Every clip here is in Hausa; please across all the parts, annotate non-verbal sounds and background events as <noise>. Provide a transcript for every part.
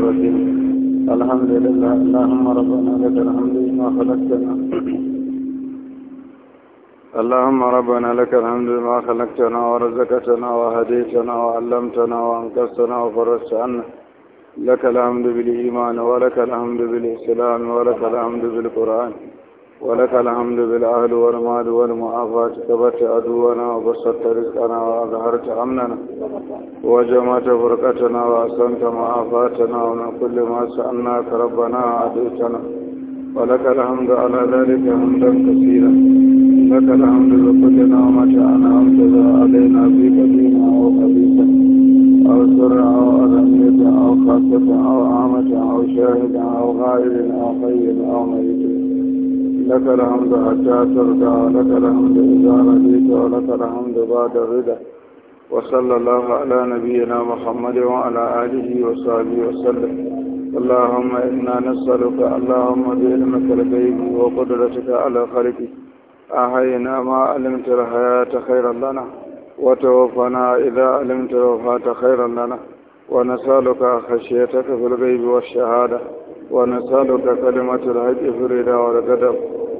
الرجيم الحمد لله اللهم ربنا لك الحمد ما خلقتنا اللهم ربنا لك الحمد ما خلقتنا ورزقتنا وهديتنا وعلمتنا وانقذتنا وفرجت عنا لك الحمد بالإيمان ولك الحمد بالإسلام ولك الحمد بالقرآن ولك الحمد بالأهل والمال والمعافاة كبت أدونا وبسطت رزقنا وأظهرت أمننا وجمعت فرقتنا وأحسنت معافاتنا ومن كل ما سألناك ربنا عدوتنا ولك الحمد على ذلك حمدا كثيرا لك الحمد بكل نعمة أنعمت علينا في قديمة أو حديثا أو سرعة أو ألمية أو خاصة أو عامة أو شاهد أو غائب أو حي أو ميت لك الحمد حتى ترضى ولك الحمد إذا رضيت ولك الحمد بعد الرضا وصلى الله على نبينا محمد وعلى آله وصحبه وسلم اللهم إنا نسألك اللهم بعلمك الغيب وقدرتك على خلقك أحينا ما علمت الحياة خيرا لنا وتوفنا إذا علمت الوفاة خيرا لنا ونسألك خشيتك في الغيب والشهادة ونسألك كلمة الحج في الرداء والقدم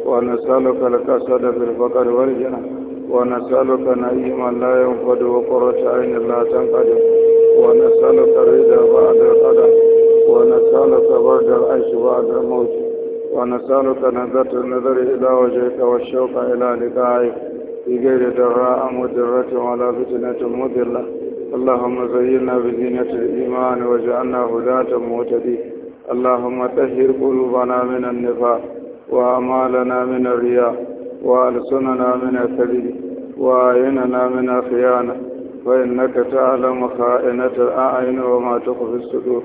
ونسألك الكسل في الفقر والجنة ونسألك نعيما لا ينفد وقرة عين لا تنقدم ونسألك الرضا بعد القدم ونسألك برد العيش بعد الموت ونسألك نظرة النذر إلى وجهك والشوق إلى لقائك في غير دراء مدرة ولا فتنة مضلة اللهم زينا بزينة الإيمان وجعلنا هداة مهتدين اللهم تهر قلوبنا من النفاق وأمالنا من الرياء وألسننا من الكذب وأعيننا من الخيانة فإنك تعلم خائنة الأعين وما تخفي الصدور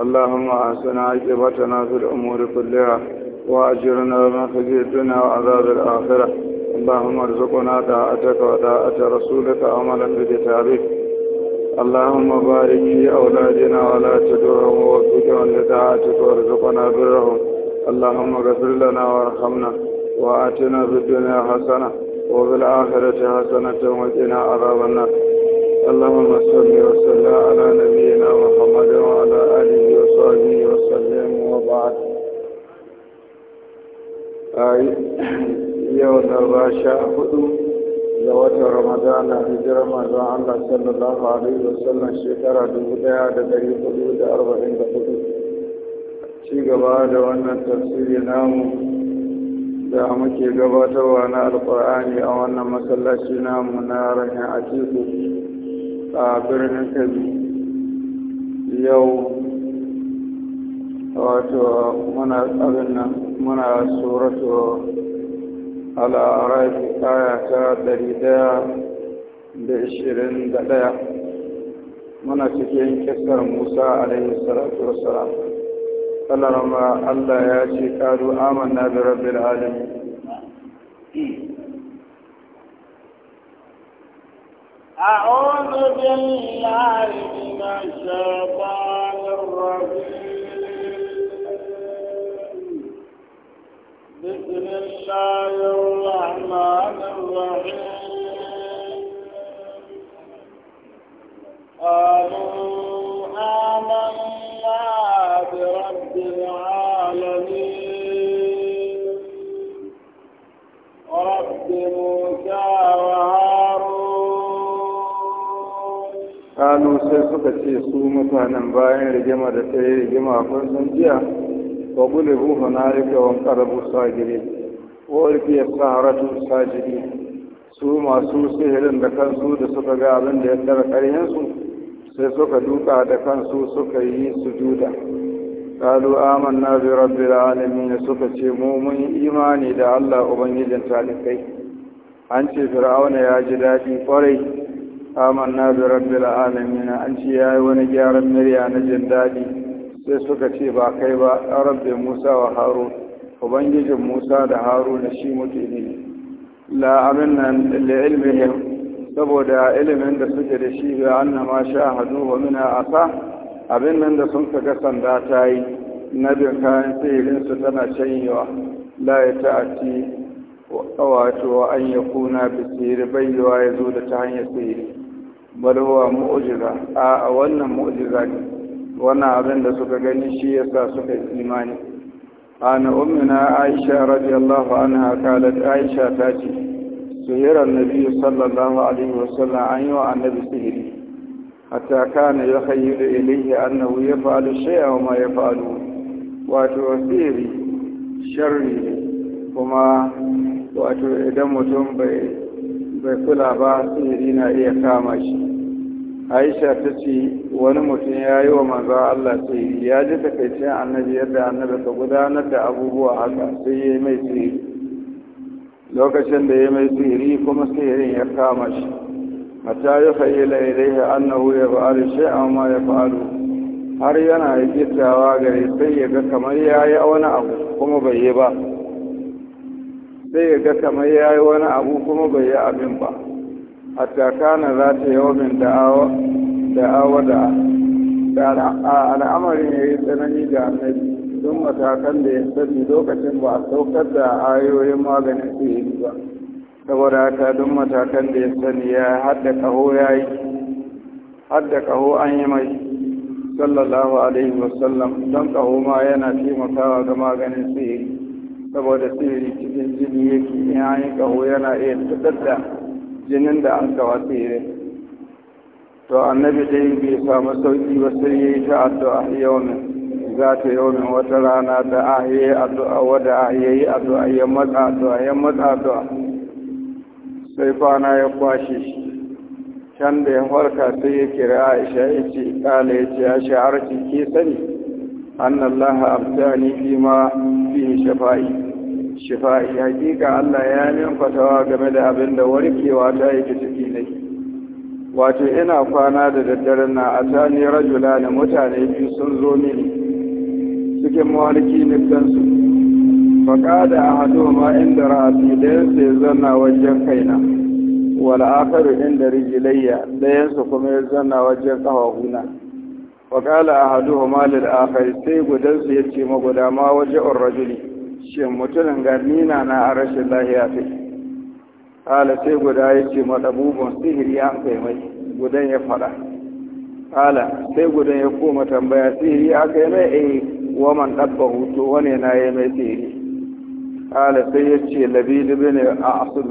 اللهم أحسن عجبتنا في الأمور كلها وأجرنا من خزي الدنيا وعذاب الآخرة اللهم ارزقنا طاعتك وطاعة رسولك عملا بكتابك اللهم بارك في أولادنا ولا تدرهم ووفقهم لطاعتك وارزقنا برهم اللهم اغفر لنا وارحمنا وآتنا في الدنيا حسنة وفي الآخرة حسنة وقنا عذاب النار اللهم صل وسلم على نبينا محمد وعلى آله وصحبه وسلم وبعد yau na ba sha hudu ga watan ramadana hijirar manzon Allah sallallahu alaihi wasallam shekara dubu daya da dari hudu da arba'in da hudu ci gaba da wannan tafsiri namu da muke gabatarwa na alkur'ani a wannan masallaci namu na rahin atiku a birnin kabi yau wato muna abin nan muna suratu al'araf aya ta ɗari ɗaya da ishirin da ɗaya muna cikin kisar musa alaihi salatu wassalam kalarama allah ya ce kalu amanna bi rabbil alamin أعوذ بالله من الشيطان الرجيم بسم الله الرحمن الرحيم قالوا آمنا برب العالمين رب موسى وهارون قالوا سيسوك تشيسو متانا باين رجما دتري رجما فرسان جيا wa gulibu hunalika wa qarabu sajirin wa ulqiya saharatu sajirin su masu sihirin da kansu da suka ga abinda da ya tara ƙarhin sai suka duka da kansu suka yi sujuda qalu amanna bi rabbil alamin suka ce mu imani da Allah ubangijin talikai an ce fir'auna ya ji daɗi kwarai amanna bi rabbil alamin an ce yayi wani gyaran murya na jin daɗi sai suka ce ba kai ba rabbi musa wa harun ubangijin musa da haruna shi muke ne la nan da saboda ilimin da suke da shi ga sha hadu wa mina asa abin nan da sun kaga sanda ta yi na bin kayan sihirinsu tana canyewa la ya ta'ati wato an ya kuna bisiri bayyawa ya zo da ta hanyar sihiri bal mu'ujiza. a wannan mu'ujiza. ne wannan abin da suka gani shi ya sa suka yi imani ana ummina aisha radiyallahu an kalat aisha ta ce suhirar nabi sallallahu alaihi wasallam an yi wa annabi sihiri hatta kana ya da ilaihi annabu, ya fa'alu shay'a wa ma ya fa'alu wato sihiri sharri ne kuma wato idan mutum bai kula ba sihiri na iya kama shi aisha ta ce wani mutum ya yi wa manzo Allah sai ya ji takaicin annabi yadda annabi ka gudanar da abubuwa haka sai ya yi mai sihiri lokacin da ya mai sihiri kuma sihirin ya kama shi mata ya fa'ila ilaihi annahu ya fa'alu shay'an ma ya fa'alu har yana yakittawa gare sai ya ga kamar ya yi wani abu kuma bai yi ba sai ya ga kamar ya yi wani abu kuma bai yi abin ba hatta kana za ta yi da da'awa da al'amarin ya yi tsanani da annabi don matakan da ya sani lokacin ba a saukar da ayoyin maganin yi ba saboda haka don matakan da ya sani ya hadda kaho ya yi hadda kaho an yi mai sallallahu alaihi wasallam don kaho ma yana taimakawa ga maganin yi saboda sihiri cikin jini yake in an yi kaho yana iya taɗaɗa jinin da an kawa tsere to annabi dai bai samu sauki ba sai ya yi ta addu'a yawmin za ta yawmin wata rana da ahiye addu'a wada ahiye addu'a ya matsa addu'a ya matsa addu'a sai kwana ya kwashe shi can da ya farka sai ya kira aisha ya ce kala ya ce ya sha'arci ke sani annallaha abtani fi ma fi shafa'i shifa'i hakika Allah ya min fatawa game da abin da warkewa ta yi ta ciki ne wato ina kwana da daddare na a tani rajula ne mutane biyu sun zo mini cikin mawarki nisansu faƙada a hado ma inda rafi ɗayan ya zanna wajen kaina wal akharu inda rijilayya ɗayan su kuma ya zanna wajen ƙafafuna faƙala a hado ma lil akhari sai gudansu ya ce maguda ma wajen rajuli shin mutumin ga nina na a rashin lahiya fi ƙala sai guda ya ce maɗabubun sihiri an kai mai gudan ya faɗa ƙala sai gudan ya koma tambaya sihiri a kai mai eh waman ɗabba hutu wane na yi mai sihiri ƙala sai ya ce labidu ne a asul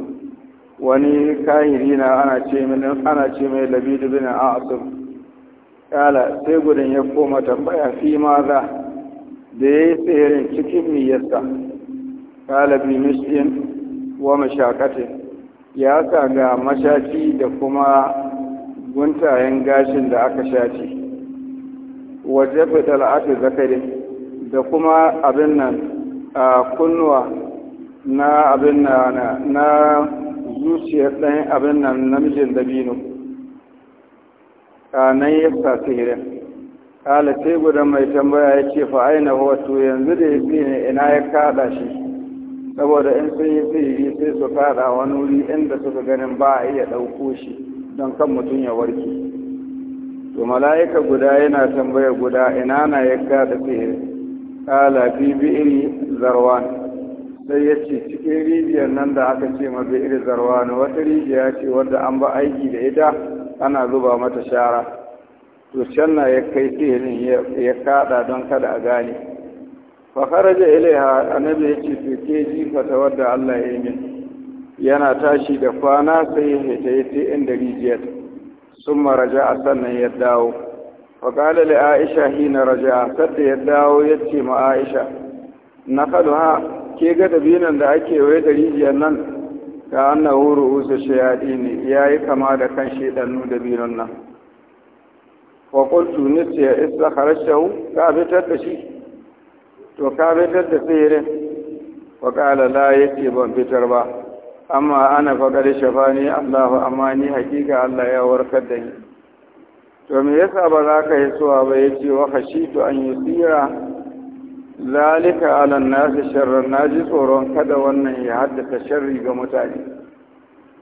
wani kayiri na ana ce mai labidu ne a asul ƙala sai gudan ya koma tambaya fi ma za da ya yi tsirin cikin miyarsa ƙalabi mishin wa mashakatin ya sa ga mashaci da kuma guntayen gashin da aka shaci waje fitar ake zakari da kuma abin nan a kunnuwa na abin na zuciyar ɗan abin nan namijin dabino a nan sa sihirin kala sai guda mai tambaya ya ce fa'aina wato yanzu da ya ne ina ya kada shi saboda in sun yi sihiri sai su kada wani wuri inda suka ganin ba a iya ɗauko shi don kan mutum ya warke to mala'ika guda yana tambaya guda ina na ya kada sihiri kala fi iri zarwan sai ya ce cikin rijiyar nan da aka ce ma bi iri zarwan wata rijiya ce wadda an ba aiki da ita ana zuba mata shara to na ya kai sihirin ya kada don kada a gane fa kharaja ilaiha annabi ya ce to ke jifata wadda Allah ya yi yana tashi da kwana sai ya fita ya ce inda rijiyar sun maraja a sannan ya dawo fa kala li aisha hina raja sadda ya dawo ya ce ma aisha na ha ke ga dabinan da ake waye da rijiyar nan ka annahu ru'usu shayadi ne yayi kama da kan da dabinan nan wa qultu nisi isa harshen ka fitar da shi to ka fitar da sihirin wa qala la ce ban fitar ba amma ana shafa ne, Allahu amma ni hakika Allah ya warkar da ni to me yasa ba za ka yi suwa ba ya ce wa to an yi tsira zalika ala an sharar na ji tsoron kada wannan ya haddasa sharri ga mutane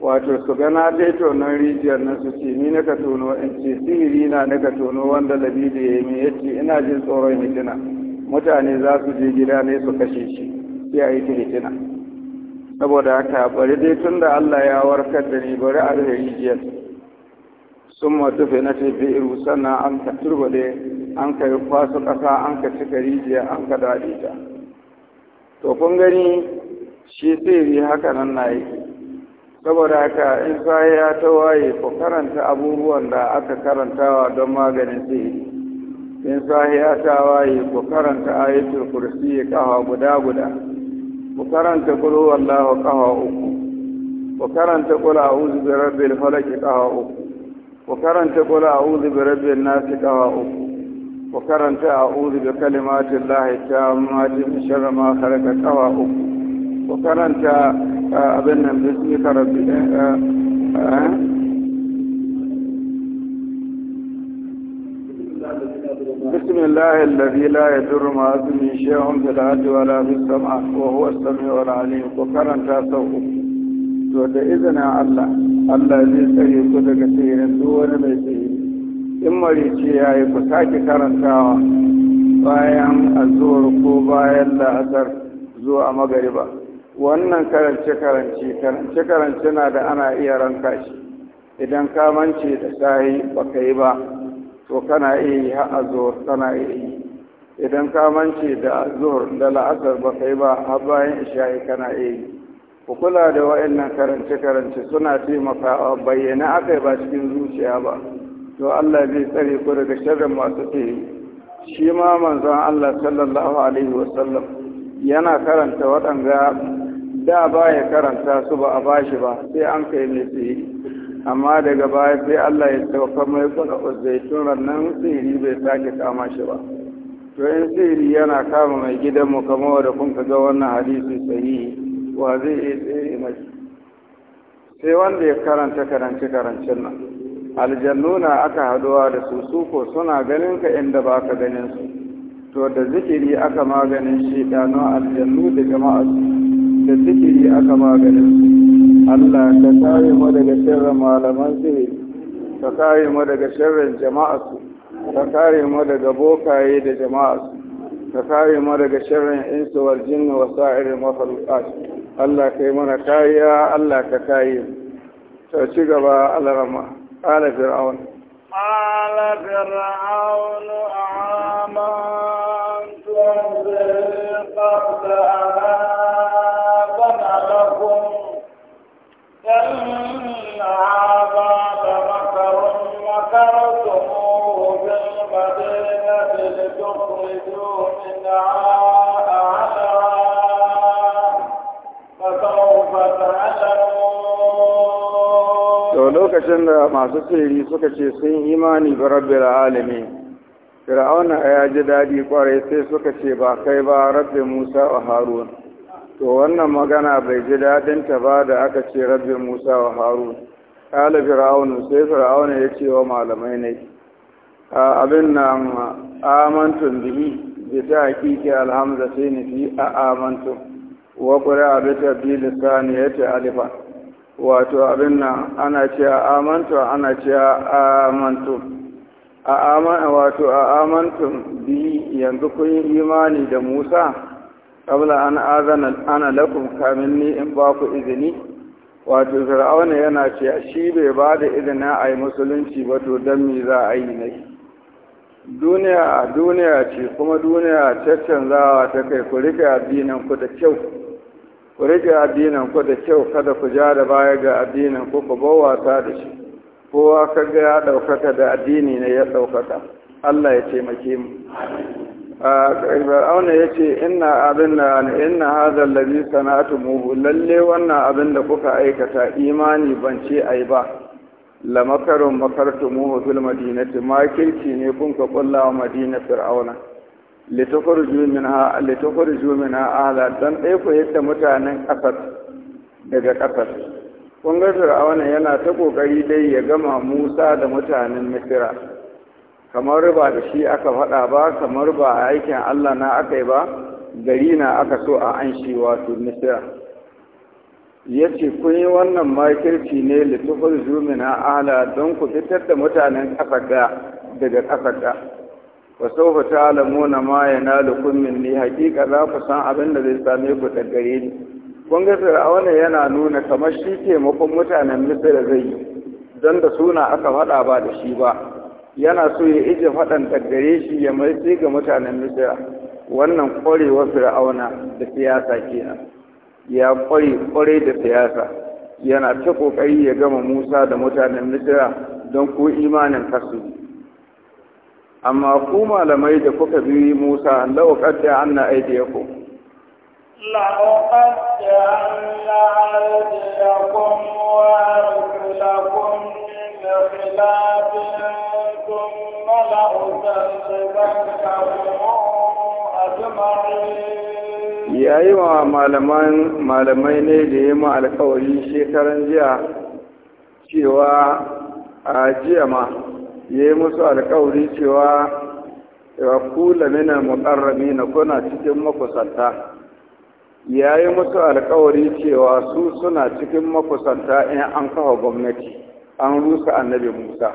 wato su gana dai tonon rijiyar na su ce ni na ka tono in ce sihiri na na ka tono wanda labi ya yi mai ce ina jin tsoron hitina mutane za su je gida ne su kashe shi sai a yi ta hitina saboda haka bari dai tun da Allah ya warkar da ni bari a rufe rijiyar sun fi na tafi iru sannan an ka turbale an ka yi kwasu ƙasa an ka cika rijiyar an ka daɗe ta to kun gani shi sihiri haka nan na yi saboda haka in sai ya ta waye ku karanta abubuwan da aka karantawa don maganin sai in sai ya ta waye ku karanta ayatul kursi kafa guda guda ku karanta qul wallahu kafa uku ku karanta qul a'udhu bi rabbil falaq kafa uku ku karanta qul a'udhu bi rabbin nas kafa uku ku karanta a'udhu bi kalimatillahi tammati min sharri ma khalaqa kafa uku ku karanta abin nan bismi ka rabbi بسم الله الذي لا يضر مع اسمه شيء في الارض ولا في السماء وهو السميع العليم وكرنتا سوء to da izinin Allah Allah zai tsare ku daga tsirin duk wani mai tsiri in marice ya yi ku sake karantawa bayan azuwar ko bayan la'asar zuwa magariba wannan karance-karance karance-karance na da ana iya ranka shi idan ka mance da sahi ba ka yi ba to kana iya yi ha azuhur kana iya yi idan ka mance da azuhur da la'asar ba ka yi ba har bayan isha'i kana iya yi ku kula da wa'annan karance-karance suna taimakawa bayyana aka yi ba cikin zuciya ba to Allah zai tsare ku daga sharrin masu tsere shi ma manzon Allah sallallahu alaihi wasallam yana karanta waɗanga da ba ya karanta su ba a bashi ba sai an kai mai sihiri amma daga baya sai Allah ya tsofa mai kula tunan nan tsiri bai sake kama shi ba to in sihiri yana kama mai mu kamar wadda kun ga wannan hadisi sahihi wa zai iya tsiri mai sai wanda ya karanta karance karancen nan aljannu na aka haduwa da su suko suna ganin ka inda ba ka ganin su to da zikiri aka maganin shi ɗanon aljannu da jama'a da yi aka maganin Allah ka kare mu daga sharrin malaman sihiri ka kare mu daga sharrin su. ka kare mu daga bokaye da su. ka kare mu daga sharrin insu wal jinni wa sa'irin mafalukat Allah ka yi mana kariya Allah ka kare mu to ci gaba Allah rama ala fir'auna قال فرعون آمنتم قبل أنا آذن لكم إن هذا لمكر مكرتموه في المدينة لتخرجوا منها أهلها فسوف تعلمون to lokacin da masu tsiri suka ce sun imani bi rabbil alami. fir'auna ya ji dadi kwarai sai suka ce ba kai ba rabbi musa wa harun to wannan magana bai ji daɗinta ba da aka ce rabbi musa wa harun kala fir'auna sai fir'auna ya ce wa malamai ne abin nan amantun bihi bi ta hakiki alhamza sai ni fi a amantun wa qura bi ya saniyati alifa. wato abin nan ana cewa amantu ana cewa amantu a amana wato a amantu bi yanzu kun imani da Musa qabla an azana ana lakum kamin ni in ba ku izini wato fir'auna yana cewa shi bai ba da izini a yi musulunci ba to dan me za a yi nai. duniya duniya ce kuma duniya canzawa ta kai ku rika addinin ku da kyau ku rike addinin ku da kyau kada ku ja da baya ga addinin ku ku bawa wasa da shi kowa ka ga ya ɗaukaka da addini ne ya ɗaukaka Allah ya taimake mu Fir'auna ya ce inna abin da inna hadha allazi lalle wannan abin da kuka aikata imani ban ce ai ba lamakarun makartumuhu fil madinati ma kirki ne kun ka kulla wa madina fir'auna litafarju minha litafarju minha ahla dan dai yadda mutanen ƙasar daga ƙasar. kun ga fir'auna yana ta kokari dai ya gama Musa da mutanen Misra kamar ba da shi aka faɗa ba kamar ba aikin Allah na aka yi ba gari na aka so a an shi wato Misra ya ce kun yi wannan makirci ne litufar zumina ala don ku fitar da mutanen ƙasar daga ƙasar wa sawfa ta'lamuna ma yanalukum minni haqiqa za ku san abin da zai same ku daggare ni kun ga fir'auna yana nuna kamar shi taimakon mutanen misira zai yi don da suna aka faɗa ba da shi ba yana so ya ije faɗan daggare shi ya mai ga mutanen misira wannan ƙwarewar fir'auna da siyasa kenan ya ƙware ƙware da siyasa yana ta ƙoƙari ya gama musa da mutanen misira don ko imanin kasu amma ku malamai da kuka bi Musa law qadda anna aydiyakum law qadda anna aydiyakum wa arjulakum min khilafin thumma la usallibannakum yayi wa malaman malamai ne da yi ma alkawari shekaran jiya cewa a jiya ma ya yi musu alkawari cewa ya kula mina muƙarrami na kuna cikin makusanta ya yi musu alkawari cewa su suna cikin makusanta in an kawo gwamnati an rusa annabi musa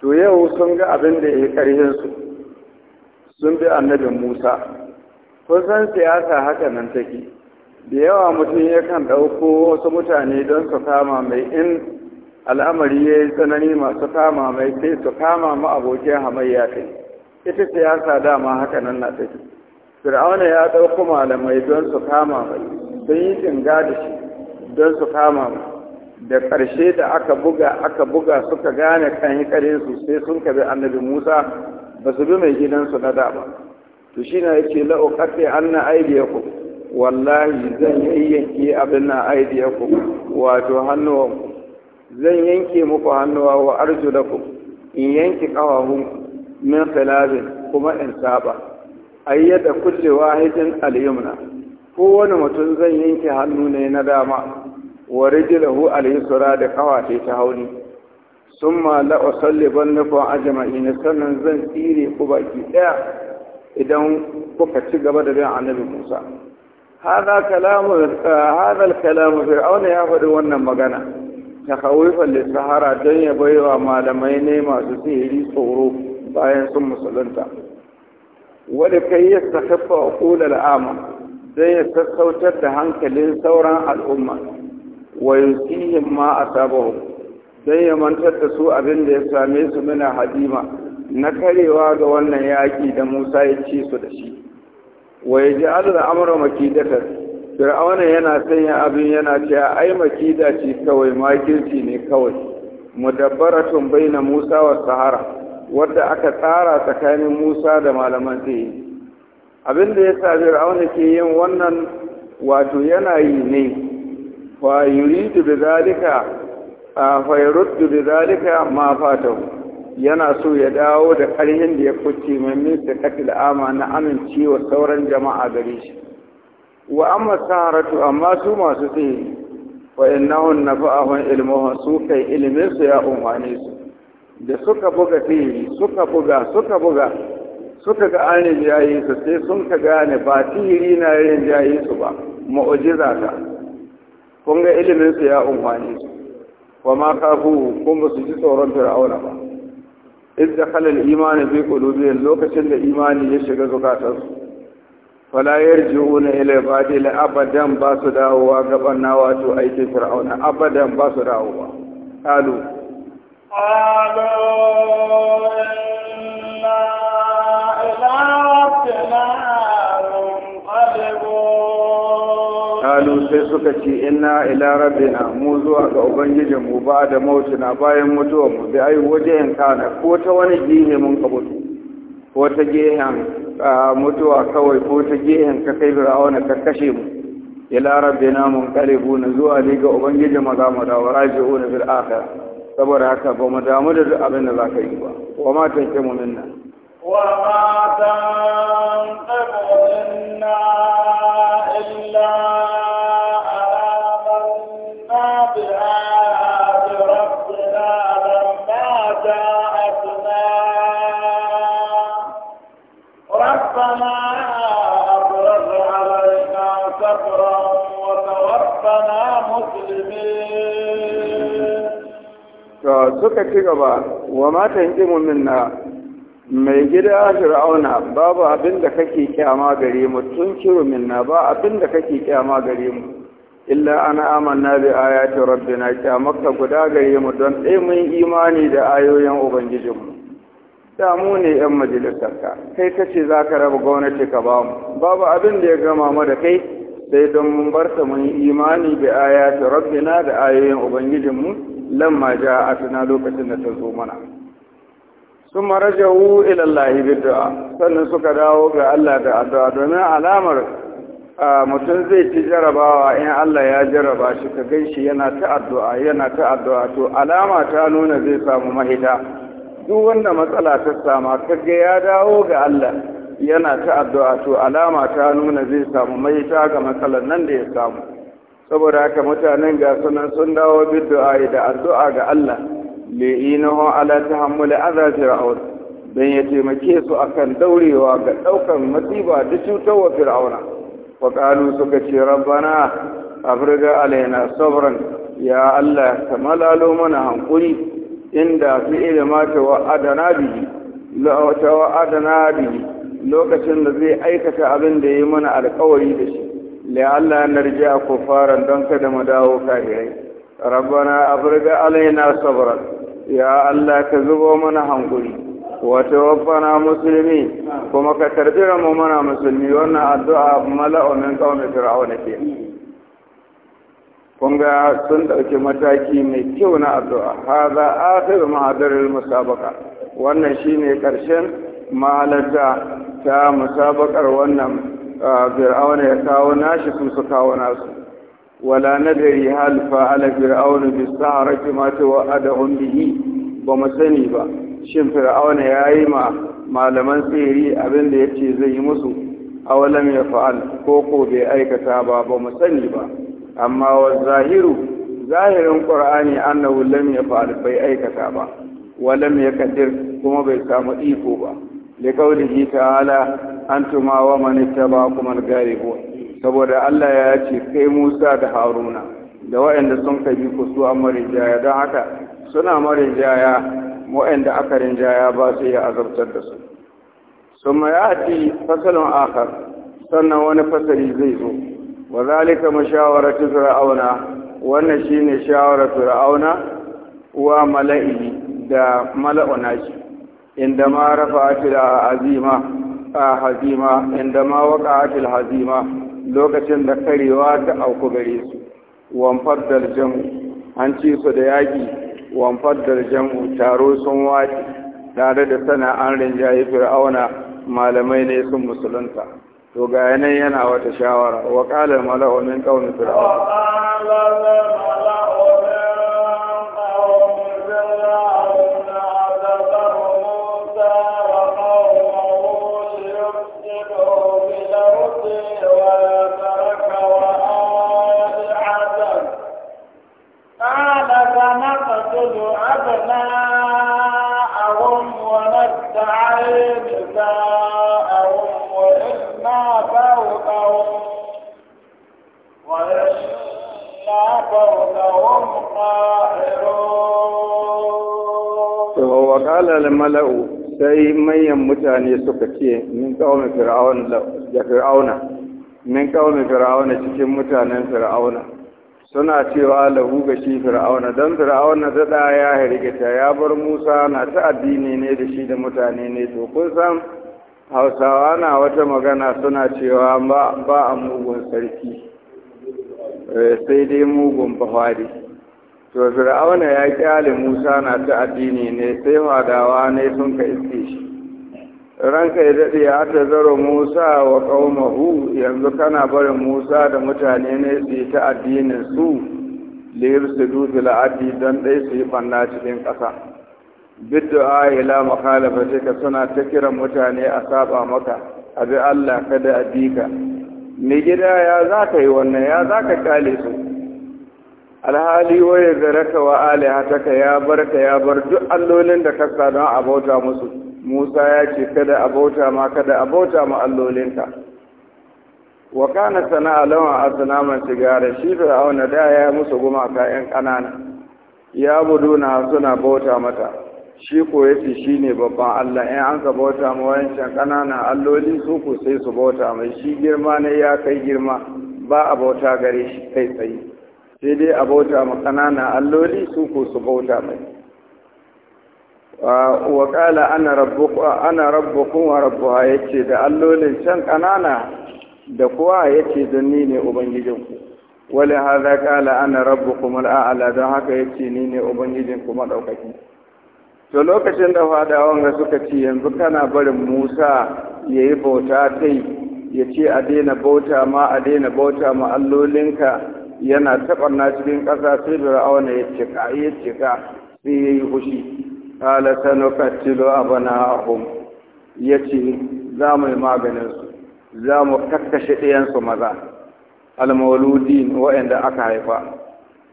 to yau sun ga abin da ya yi su sun bi annabi musa kusan siyasa haka nan take da yawa mutum yakan ɗauko wasu mutane don su kama mai in al'amari ya yi tsanani masu kama mai sai su kama ma abokin hamayya kai ita siyasa dama haka nan na take fir'auna ya ɗauko malamai don su kama mai sun yi tsinga da shi don su kama mai da ƙarshe da aka buga aka buga suka gane kan yi su sai sun kabe annabi musa ba su bi mai gidansu na da ba to shi na yake la'uƙafe an na ku, wallahi zan yayyanki abin na ku wato hannuwanku zan yanke muku hannuwa wa ku. in yanke kawahu min khilafin kuma in saba ayyada kulli wahidin al-yumna kowane mutum zan yanke hannu ne na dama wa rijlahu al-yusra da kawace ta hauni summa la usalliban lakum ajma'in sannan zan tsire ku baki daya idan kuka ci gaba da bin annabi Musa هذا كلام هذا الكلام فرعون يا wannan magana. takawifan lissahara don ya bai wa malamai ne masu sihiri tsoro bayan sun musulunta wadda kai ya sakaffa wa kulal Amma. don ya sassautar da hankalin sauran al'umma wa yi ma a sabahu don ya mantar da su abin da ya same su mina hadima na karewa ga wannan yaƙi da musa ya ce su da shi wa ya ji al'amura makidatar fir'auna yana sanya abin yana cewa ai makida ce kawai makirci ne kawai mudabbaratun baina musa wa sahara wadda aka tsara tsakanin musa da malaman tsaye abin da ya sa fir'auna ke yin wannan wato yana yi ne fa yuridu bi zalika fa yurdu bi zalika ma yana so ya dawo da karhin da ya kuce mai min da ama na amincewa sauran jama'a gare shi wa amma saharatu amma su masu sihiri wa innahun nafa'ahun ilmohon su kai ilimin su ya umarni su da suka buga sihiri suka buga suka buga suka ga ainihin jayi su sai sun ka gane ba sihiri na jayi su ba ma'ujiza ta kun ga ilimin su ya umarni su wa ma kafu kun ba su ji tsoron fir'auna ba idda halin imani bi qulubihim lokacin da imani ya shiga zukatansu fala yarji'una ila badil abadan ba su dawowa gaban na wato aikin fir'auna abadan ba su dawowa halu halu inna ila rabbina qalu sai suka ce inna ila rabbina mu zuwa ga ubangijin mu ba da mautuna bayan mutuwa mu bi ayi wajen kana ko ta wani jihe mun ka mutu ko ta gehen mutuwa kawai ko ta gehen ka kai fir'auna ka kashe mu ila rabbina munqalibuna zuwa ne ga ubangiji maza mu da waraji'una bil akhir saboda haka ba mu damu da duk abin da za ka yi ba wa ma tanke mu minna wa ma tanqamu minna illa amanna bi ayati rabbina lamma ربنا suka ci gaba wa matan ƙimu minna mai gida fir'auna babu abin da kake kyama gare mu tun kiro minna ba abin da kake kyama gare mu illa ana amanna bi ayati rabbina kyamakka guda gare mu don ɗaya mun imani da ayoyin ubangijinmu damu ne 'yan majalisarka kai ta ce za ka raba gwamnati ka ba mu babu abin da ya gama mu da kai sai don mun bar ta mun imani da ayati rabbina da ayoyin ubangijinmu lamma ja atuna lokacin da ta zo mana sun marajawu ilallahi bid'a sannan suka dawo ga Allah da addu'a domin alamar mutum zai ci jarabawa in Allah ya jaraba shi ka shi yana ta addu'a yana ta addu'a to alama ta nuna zai samu mahita duk wanda matsala ta sama kaga ya dawo ga Allah yana ta addu'a to alama ta nuna zai samu maita ga matsalar nan da ya samu saboda haka mutanen ga sunan sun dawo bid'a da addu'a ga Allah inahu ala tahammul adha ra'ud dan ya taimake su akan daurewa ga daukan masiba da cutar wa fir'auna wa qalu suka ce rabbana afrigh alaina sabran ya Allah kamalalo mana hankuri inda fi'il ma tawa'adana bihi la wa'adana bihi lokacin da zai aikata abin da yayi mana alƙawari da shi la'alla narji'a kufaran don kada mu dawo kafirai rabbana afriga alaina sabra ya Allah ka zubo mana hankuri wa tawaffana musulmi kuma ka karbi mu mana musulmi wannan addu'a mala'u min qaumi fir'auna ke kun ga sun ɗauki mataki mai kyau na addu'a ha za a taɓa ma'adarar musabaka wannan shine ƙarshen mahalarta ta musabakar wannan fir'auna ya kawo nashi sun su kawo nasu wala nadari hal fa'ala fir'auna bi saharati ma tawa'adahum bihi ba mu sani ba shin fir'auna yayi ma malaman sihiri abin da yace zai yi musu awalam ya fa'al ko ko bai aikata ba ba mu sani ba amma wa zahiru zahirin qur'ani annahu lam yaf'al bai aikata ba walam ya kuma bai samu iko ba li qawlihi ta'ala antuma wa man ittaba'akum gare ghalibun saboda Allah ya ce kai Musa da Haruna da waɗanda sun kai ku su an marinjaya don haka suna marijaya waɗanda aka rinjaya ba su iya azabtar da su sun ma ya fasalin akar sannan wani fasali zai zo wa zalika mashawaratu fir'auna wannan shine shawarar fir'auna wa mala'i da mala'una shi inda ma rafa'atil azima a hazima inda ma waqa'atil hazima lokacin da karewa ta auku gare su wan faddal jam'u an ci su da yaki wan faddal jam'u taro sun wace tare da sana'an rinjaye fir'auna malamai ne sun musulunta to ga yanayi yana wata shawara wa ƙalar mala'u min ƙaunin fir'auna أبناءهم ونستعين نساءهم Wakala وإنا Mala'u sai manyan mutane suka ce min kawomin fir'auna min kawomin fir'auna cikin mutanen fir'auna suna cewa lahu ga shi fir'auna don fir'auna da ya hirgita ya bar musa na ta addini ne da shi da mutane ne to kun san hausawa na wata magana suna cewa ba a mugun sarki eh, sai dai mugun bahari to fir'auna ya kyale musa na ta addini ne sai fadawa ne sun ka iske shi ranka ya daɗe ya ta zaro musa wa ƙaumahu yanzu kana barin musa da mutane ne su yi ta addinin su liyar su dubi la'adi don ɗai su yi ɓanna cikin ƙasa bid'a ila mukhalafatika suna ta kiran mutane a saba maka abi Allah kada a me gida ya za yi wannan ya za kale su alhali waye zaraka wa alihataka ya barka ya bar duk allolin da kasa don a bauta musu Musa ya ce kada a bauta ma kada a bauta ma allolinka wa kana sana'a alawa asnama sigara shi fir'auna da ya musu gumaka yan kanana ya buduna suna bauta mata shi ko yace shi ne babban Allah in an ka bauta ma can ƙananan alloli su ku sai su bauta mai shi girma ne ya kai girma ba a bauta gare shi kai tsaye sai dai a bauta ma ƙananan alloli su ku su bauta mai wa qala ana rabbukum ana rabbukum wa rabbuha yace da allolin can ƙanana da kowa yace don ni ne ubangijinku wala hadha qala ana rabbukum al a'la don haka yace ni ne ubangijinku madaukaki to lokacin da fadawan ga suka ce yanzu kana barin musa ya yi bauta kai ya ce a daina bauta ma a daina bauta ma allolinka yana taɓar na cikin ƙasa sai fir'auna ya cika ya cika sai ya yi hushi kala sanukattilu abana'ahum ya ce za mu yi maganinsu za mu kakkashe ɗayansu maza almauludin waɗanda aka haifa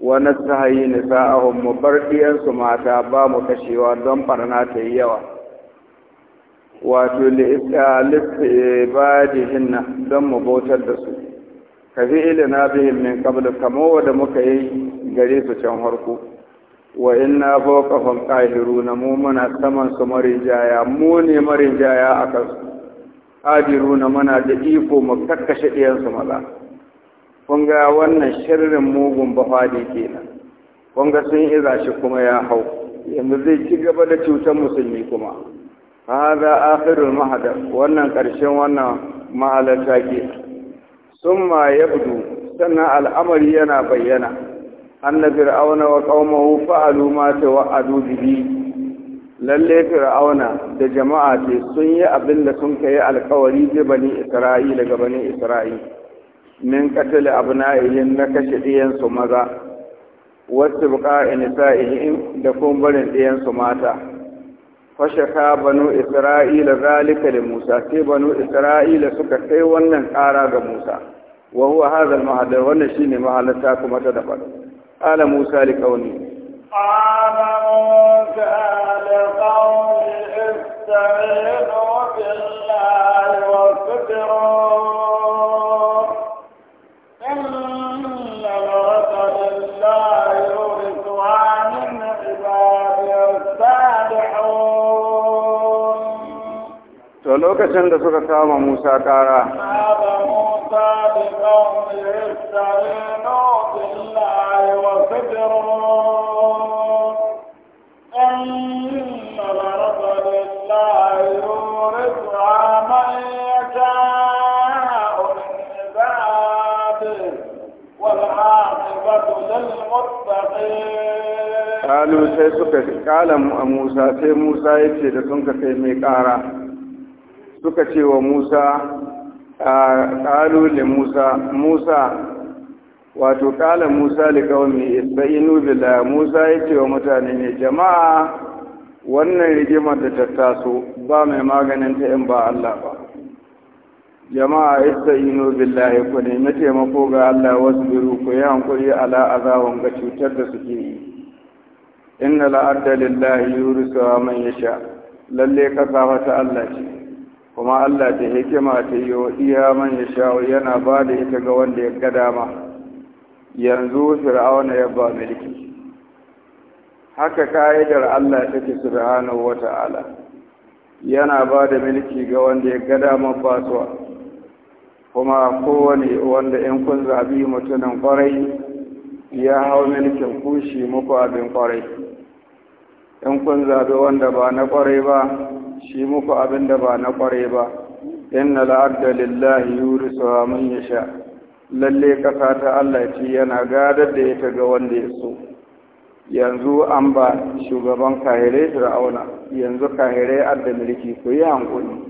wa nastahayi nisa'ahum mu bar diyansu mata ba mu kashewa don farna ta yi yawa wato li'ibadihin don mu bautar da su ka fi ilina min kamar kamo da muka yi gare su can harko wa inna fawqahum qahiruna mu muna saman su marijaya mu ne marijaya akan su qadiruna muna da iko mu kakkashe diyansu maza kun ga wannan shirin mugun bafadi kenan kun ga sun iza shi kuma ya hau yanzu zai ci gaba da cutar musulmi kuma hada akhirul mahadar wannan ƙarshen wannan mahalarta ke ya yabdu sannan al'amari yana bayyana anna fir'auna wa qaumahu fa'alu ma tawa'adu bihi lalle fir'auna da jama'a ce sun yi abin da sun kai alkawari ga bani isra'ila ga bani isra'ila من قتل أبنائهم نكشتين إيانسو مغا واتبقى إنسائهم دكون برن إيانسو ماتا بنو إسرائيل ذلك لموسى كي بنو إسرائيل سكتي ونن آراغ موسى وهو هذا المهدر ونشين مهالتاكم تدفر قال موسى لكوني قال موسى استعينوا بالله وفكروا إن الوطن لا يورثها من عباده الصالحون to lokacin da suka إن الأرض الله يورثها من يشاء Kalu sai suka kala a Musa sai Musa ya ce da sun kafe mai ƙara suka ce wa Musa kalu da Musa Musa wato kala Musa da kawai isba'inu bila Musa ya ce wa mutane ne jama'a wannan rigimar da ta taso ba mai maganin ta in ba Allah ba jama'a ista'inu billahi ku nemi taimako ga Allah wasu biru ku yi hankuri ala azawan ga cutar da suke yi inna la'adda lillahi yurisawa man yasha lalle kasawa ta Allah ce kuma Allah ta hikima ta yi wa iya man yasha yana ba da ita ga wanda ya ga dama yanzu fir'auna ya ba mulki haka ka'idar Allah take subhanahu wata'ala yana ba da mulki ga wanda ya ga dama basuwa kuma kowane wanda in kun zabi mutumin kwarai ya hau milkin kushi muku abin kwarai in kun zabi wanda ba na kwarai ba shi muku abin da ba na kwarai ba inna la'adda lillahi yurisu ya sha. lalle kasa ta Allah ce yana gadar da ita ga wanda ya so yanzu an ba shugaban kahire fir'auna yanzu kahire adda miliki ku yi hankuli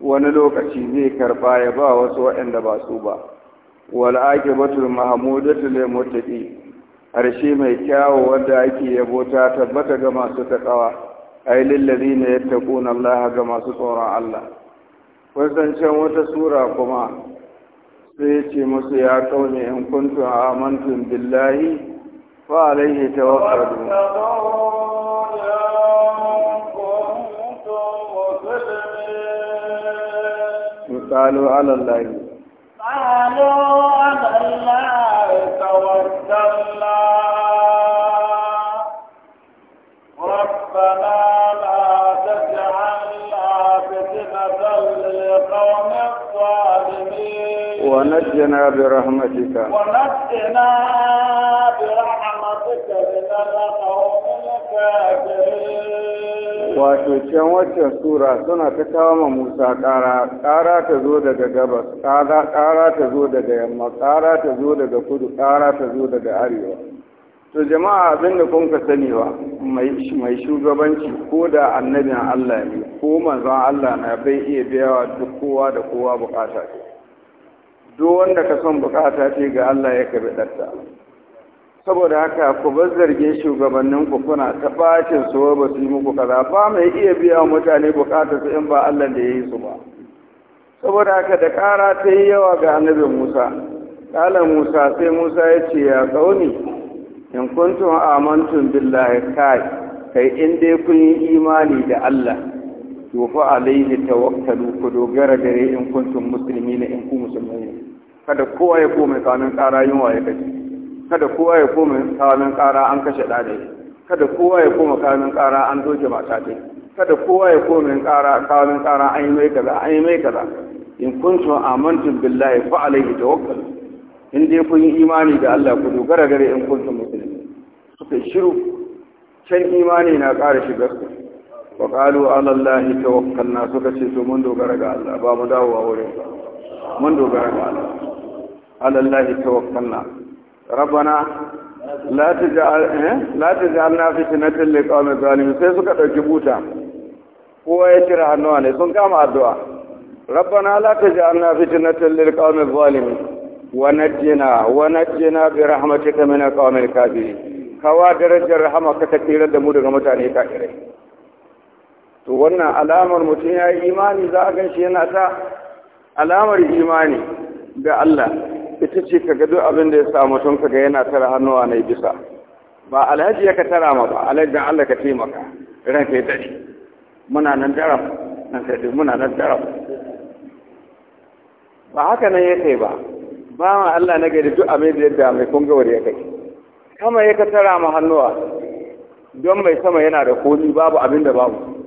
wani lokaci zai karba ya ba wasu waɗanda ba su ba wal batul mahmudatu lil muttaqi harshe mai kyawu wanda ake yabo ta tabbata ga masu takawa ay lil ladina yattaquna Allah ga masu tsoron Allah wannan can wata sura kuma sai ce musu ya kaune in kuntum amantum billahi fa alayhi tawakkalu قالوا على الله قالوا على الله توكلنا ربنا لا تجعلنا فتنة لقوم الظالمين ونجنا برحمتك ونجنا برحمتك من القوم الكافرين wato can waccan sura suna ta kawo musa ƙara ƙara ta zo daga gabas ƙara ta zo daga yamma ƙara ta zo daga kudu ƙara ta zo daga arewa to jama'a abin da kun ka sani ba mai shugabanci ko da annabin allah ne ko manzon allah na bai iya biya duk kowa da kowa bukata ce duk wanda ka son bukata ce ga allah ya karɓi ɗarta saboda haka ku bar zargin shugabannin ku kuna ta bacin su ba su yi muku kaza ba mai iya biya mutane bukatar su in ba Allah da yi su ba saboda haka da kara ta yi yawa ga annabi Musa kala Musa sai Musa ya ce ya kauni in kuntum amantum billahi kai kai in dai kun yi imani da Allah to fa alaihi tawakkalu ku dogara gare in kuntum muslimina in ku musulmai kada kowa ya koma kanin kara yunwa ya kace kada kowa ya koma kawamin ƙara an kashe ɗane kada kowa ya koma kawamin ƙara an doke mata ɗai kada kowa ya koma kawamin ƙara an yi mai kaza an yi mai kaza in kuntum amantum billahi fa alayhi tawakkal in dai kun yi imani da Allah ku dogara gare in kuntum su suka shiru can imani na ƙara shigar su wa qalu ala allahi na suka ce to mun dogara ga Allah ba mu dawowa wurin mun dogara ga Allah ala allahi tawakkalna rabbana la taj'alna fitnatan liqawmin zalimin sai suka ɗauki buta kowa ya tira hannuwa ne sun gama addu'a rabbana la taj'alna fitnatan liqawmin zalimin wa najjina wa najjina bi rahmatika min alqawmil kafirin kawa darajar rahama ka takira da mu daga mutane kafirai to wannan alamar mutum ya yi imani za a gan yana ta alamar imani ga Allah ita ce ka gado duk abin da ya sa mutum ka ga yana tara hannuwa na bisa ba alhaji ya ka tara ma ba alhaji Allah ka taimaka ran kai dare muna nan daram nan kai muna nan daram ba haka nan ya kai ba ba ma Allah na gari duk abin da ya dame kun ga wuri ya kai kama ya ka tara ma hannuwa don mai sama yana da komi babu abin da babu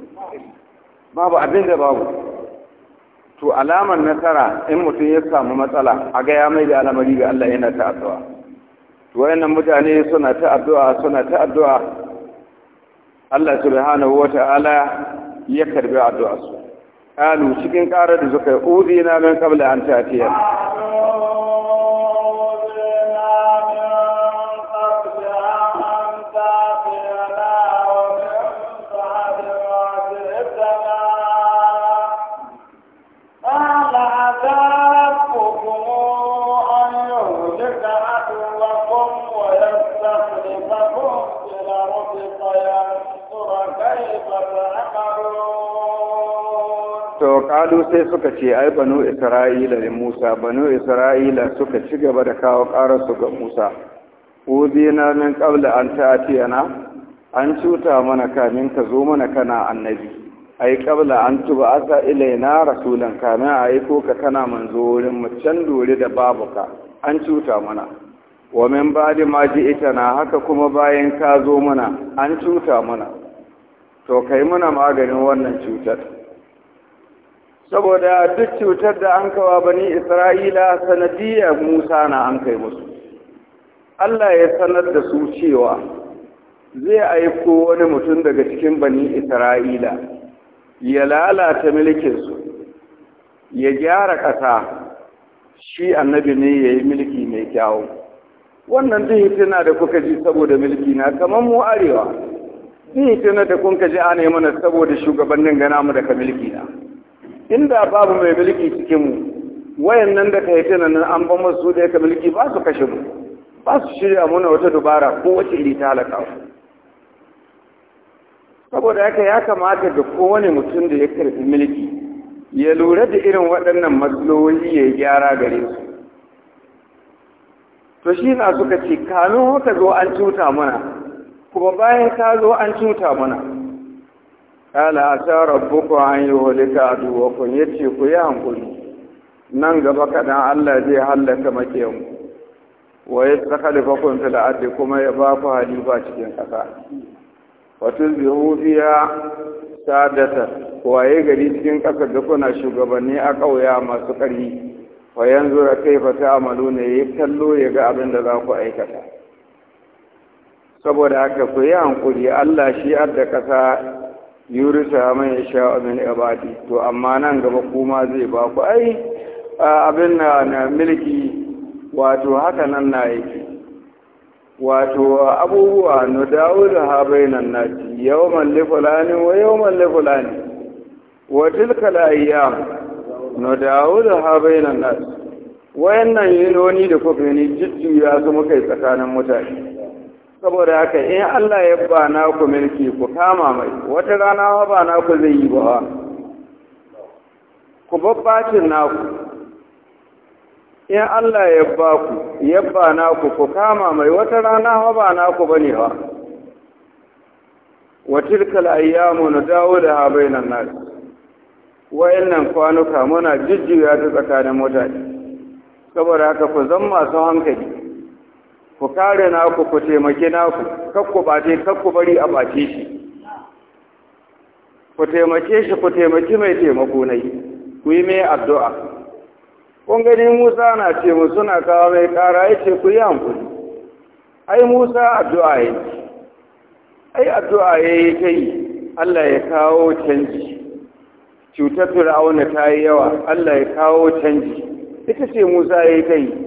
babu abin da babu to alamar nasara in mutum ya samu matsala a gaya mai da alamari ga Allah yana ta addu'a to wayannan mutane suna ta addu'a suna ta addu'a Allah subhanahu wata'ala ya karbi addu'a su kalu cikin karar da suka yi na min qabla an ta'tiya kalu sai suka ce ai banu isra'ila da musa banu isra'ila suka ci gaba da kawo ƙararsu ga musa uzina min kabla an ta'tiyana an cuta mana kamin ka zo mana kana annabi ai kabla an tuba asa ilaina rasulan kamin a aiko ka kana manzo wurin mu can dore da babu-ka. an cuta mana wa min ba'di ma ji'tana haka kuma bayan ka zo mana an cuta mana to kai mana maganin wannan cutar saboda duk cutar da an kawa bani isra'ila sanadiyar musa na an kai musu allah ya sanar da su cewa zai aiko wani mutum daga cikin bani isra'ila ya lalata mulkinsu ya gyara ƙasa shi annabi ne ya yi mulki mai kyawu wannan dihitina da kuka ji saboda mulki na kamar mu arewa dihitina da kuka ji a mana saboda shugabannin gana mu daga mulki na inda babu mai mulki cikin mu nan da kai tana nan an ban musu da yake mulki ba su kashe mu ba su shirya muna wata dubara ko wace iri ta halaka saboda haka ya kamata da kowane mutum da ya karfi mulki ya lura da irin waɗannan matsaloli ya gyara gare su to shi na suka ce kanun haka zo an cuta mana kuma bayan ka zo an cuta mana kala asa rabbuku an yuhlika aduwakum yace ku yi hankuli nan gaba kadan Allah zai hallaka makiyanku wa yastakhlifakum fil ardi kuma ya ba ku halifa cikin kasa wa tuzbihu fiha sadata waye gari cikin kasa da kuna shugabanni a ƙauya masu ƙarfi wa yanzu ra kaifa ne yayi kallo ya ga abin da za ku aikata saboda haka ku yi hankuri Allah shi adda kasa yurisa man ya sha min ibadi to amma nan gaba kuma zai ba ku ai abin na milki wato haka nan na yake wato abubuwa na dawo da ha na nasi yau malli fulani wa yau malli fulani wa tilka al ayyam na dawo da ha bainan nasi wayannan yinoni da kofi ne jujjuya su muka yi tsakanin mutane saboda haka in Allah ya ba na ku milki ku kama mai wata rana ma ba na ku zai yi ba ku babbacin naku in Allah ya ba ku ya ba na ku ku kama mai wata rana ma ba na ku bane ba wa tilkal ayyamu nadawu da bainan nas wayannan kwanuka muna jijjiya ta tsakanin mutane saboda haka ku zama masu hankali ku kare naku ku taimake naku kakku bace kakku bari a bace shi ku taimake shi ku taimaki mai taimako nai ku yi mai addu'a kun gani Musa na ce mu suna kawo mai kara yace ku yi hankuli ai Musa addu'a yi ai addu'a yayi kai Allah ya kawo canji cutar Fir'auna ta yi yawa Allah ya kawo canji ita ce Musa yayi kai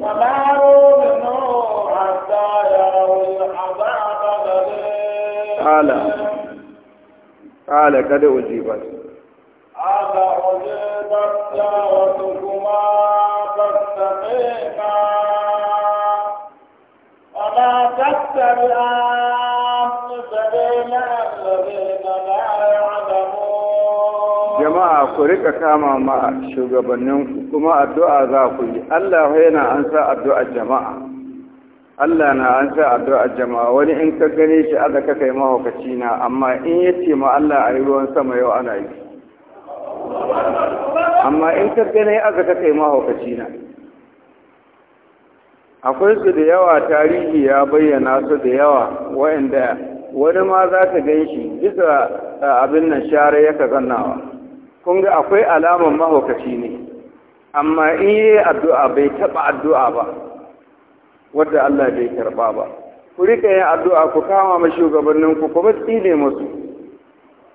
حتى قال قال قد أجيبت قال أجيبت دعوتكما فاستقيما ولا تتبعا ku rika kama ma shugabanninku kuma addu'a za ku yi Allah yana an sa addu'a jama'a Allah na an sa addu'a jama'a wani in ka gane shi aza ka kai mahaukaci na amma in ya ce ma Allah a yi ruwan sama yau ana yi amma in ka gane aza ka kai mahaukaci na akwai su da yawa tarihi ya bayyana su da yawa wa'anda wani ma za ka gan shi bisa abin nan share ya ka zannawa kun ga akwai alaman mahaukaci ne amma in yi addu'a bai taɓa addu'a ba wadda Allah bai karɓa ba ku rika yin addu'a ku kama ma shugabannin ku kuma tsile musu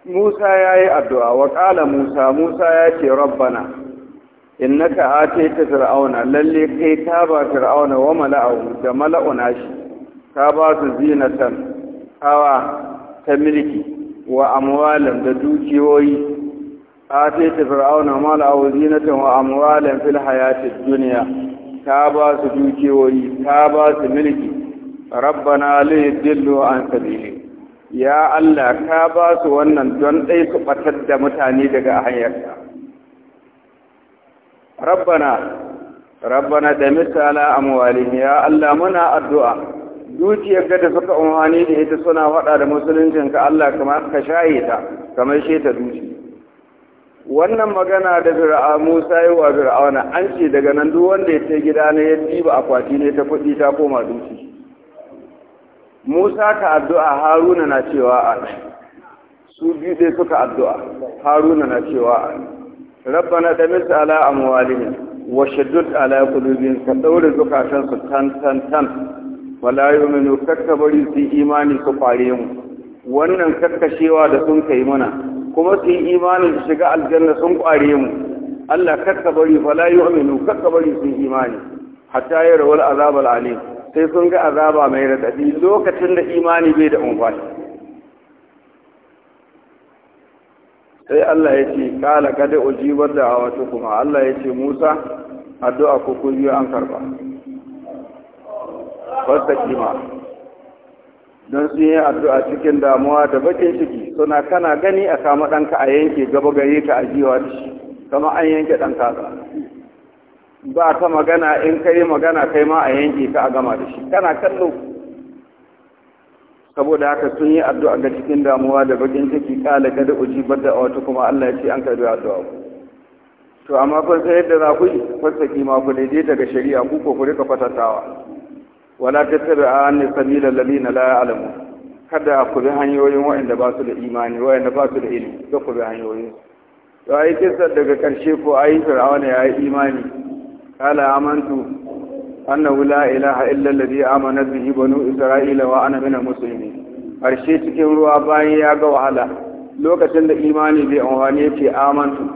Musa ya yi addu'a wa ƙala Musa Musa ya ce rabbana innaka ta fir'auna lalle kai ta ba fir'auna wa mala'ahu da mala'una shi ka ba su zinatan kawa ta milki wa amwalan da dukiyoyi آتيت فرعون ماله زينة وأموالا في الحياة الدنيا كابا سدوكي وي كابا سملكي ربنا ليدلوا عن سبيلي يا الله كابا سوانا دون أي سبتد متاني دقا حياتك ربنا ربنا دمت على أموالهم يا الله منا الدعاء dukiyar da suka umarni da ita suna faɗa da musuluncinka Allah kamar ka shaye ta kamar shi ta dukiya wannan magana da fir'a musa yi wa wani an ce daga nan duk wanda ya ce gida na ya a akwati ne ta kuɗi ta koma dutse musa ka addu'a haruna na cewa a su biyu dai suka addu'a haruna na cewa a na da ala a muwalihim wa shaddud ala qulubihim ka daure zukatan su tan tan tan wala yu'minu kakka bari su imani su fare mu wannan kakkashewa da sun kai mana kuma su yi imanin su shiga aljanna sun kware mu Allah kakka bari fa la yu'minu kakka bari su yi imani hatta ya rawal azab al alim sai sun ga azaba mai radadi lokacin da imani bai da umfani sai Allah ya ce kala kada ujibar da awatu kuma Allah ya ce Musa addu'a ku ku biyo an karba fasta kima don sun yi addu'a cikin damuwa da bakin ciki suna kana gani a kama ɗanka a yanke gaba gare ka a jiwa da shi kama an yanke ɗan kaza ba ta magana in kai magana kai ma a yanke ka a gama da shi kana kallo saboda haka sun yi addu'a ga cikin damuwa da bakin ciki kala gada uji bada a wata kuma Allah ya ce an karbi addu'a to amma kun sai yadda za ku yi fasaki ma ku daidai daga shari'a ku ko ku rika fatatawa wala a anni sabila alladhina la al'amu. kada ku bi hanyoyin waɗanda ba su da imani waɗanda ba su da ilimi da ku bi hanyoyin to ai kisa daga karshe ko ai fir'auna ya yi imani kala amantu annahu la ilaha illa alladhi amana bihi banu isra'ila wa ana minal muslimin karshe cikin ruwa bayan ya ga wahala lokacin da imani bai amfani yake amantu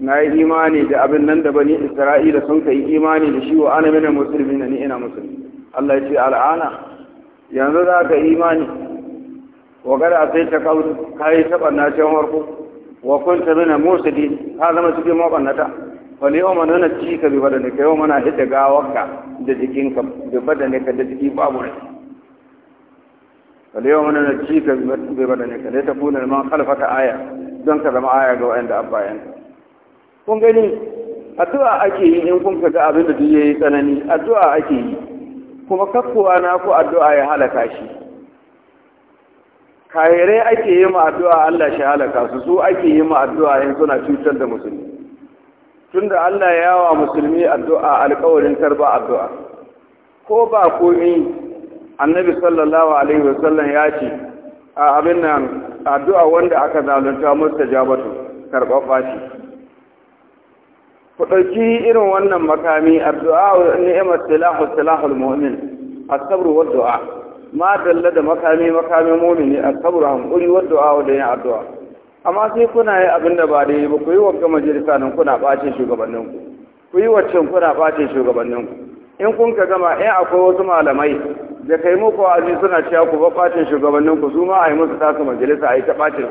na yi imani da abin nan da bani isra'ila sun kai imani da shi wa ana minal muslimin ni ina musulmi Allah ya ce al'ana yanzu za ka imani wa gada sai ta kawo ka yi taɓa na wa warko wa kun ta zina musuli ka zama cikin maɓannata wani yau mana ci ka bi badane ka yau mana hidda gawarka da jikinka bi badane ka da jiki babu rai wani yau mana ci ka bi badane ka dai ta kuna man ta aya don ka zama aya ga wa'anda abbayan kun gani addu'a ake yi in kun ka ga abin da duk yayi tsanani addu'a ake yi kuma kakko na ku addu'a ya halaka shi kahirai ake yi ma addu'a Allah shi halaka su su ake yi ma addu'a in suna cutar da musulmi tunda Allah ya wa musulmi addu'a alƙawarin tarba addu'a ko ba komi annabi sallallahu alaihi wasallam ya ce a abin nan addu'a wanda aka zalunta mustajabatu karɓar fashi ku ɗauki irin wannan makami addu'a ni'mat silahu silahul mu'min as-sabr wa du'a ma dalla da makami makamin mu'mini as-sabr hankuri wa du'a da yin addu'a amma sai kuna yi abin da ba dai ba ku yi wa majalisa nan kuna ɓace shugabannin ku ku yi wa waccan kuna ɓace shugabannin ku in kun ka gama in akwai wasu malamai da kai muku aji suna cewa ku ba ɓacin shugabannin ku su ma a yi musu tasu majalisa a yi ta ɓacin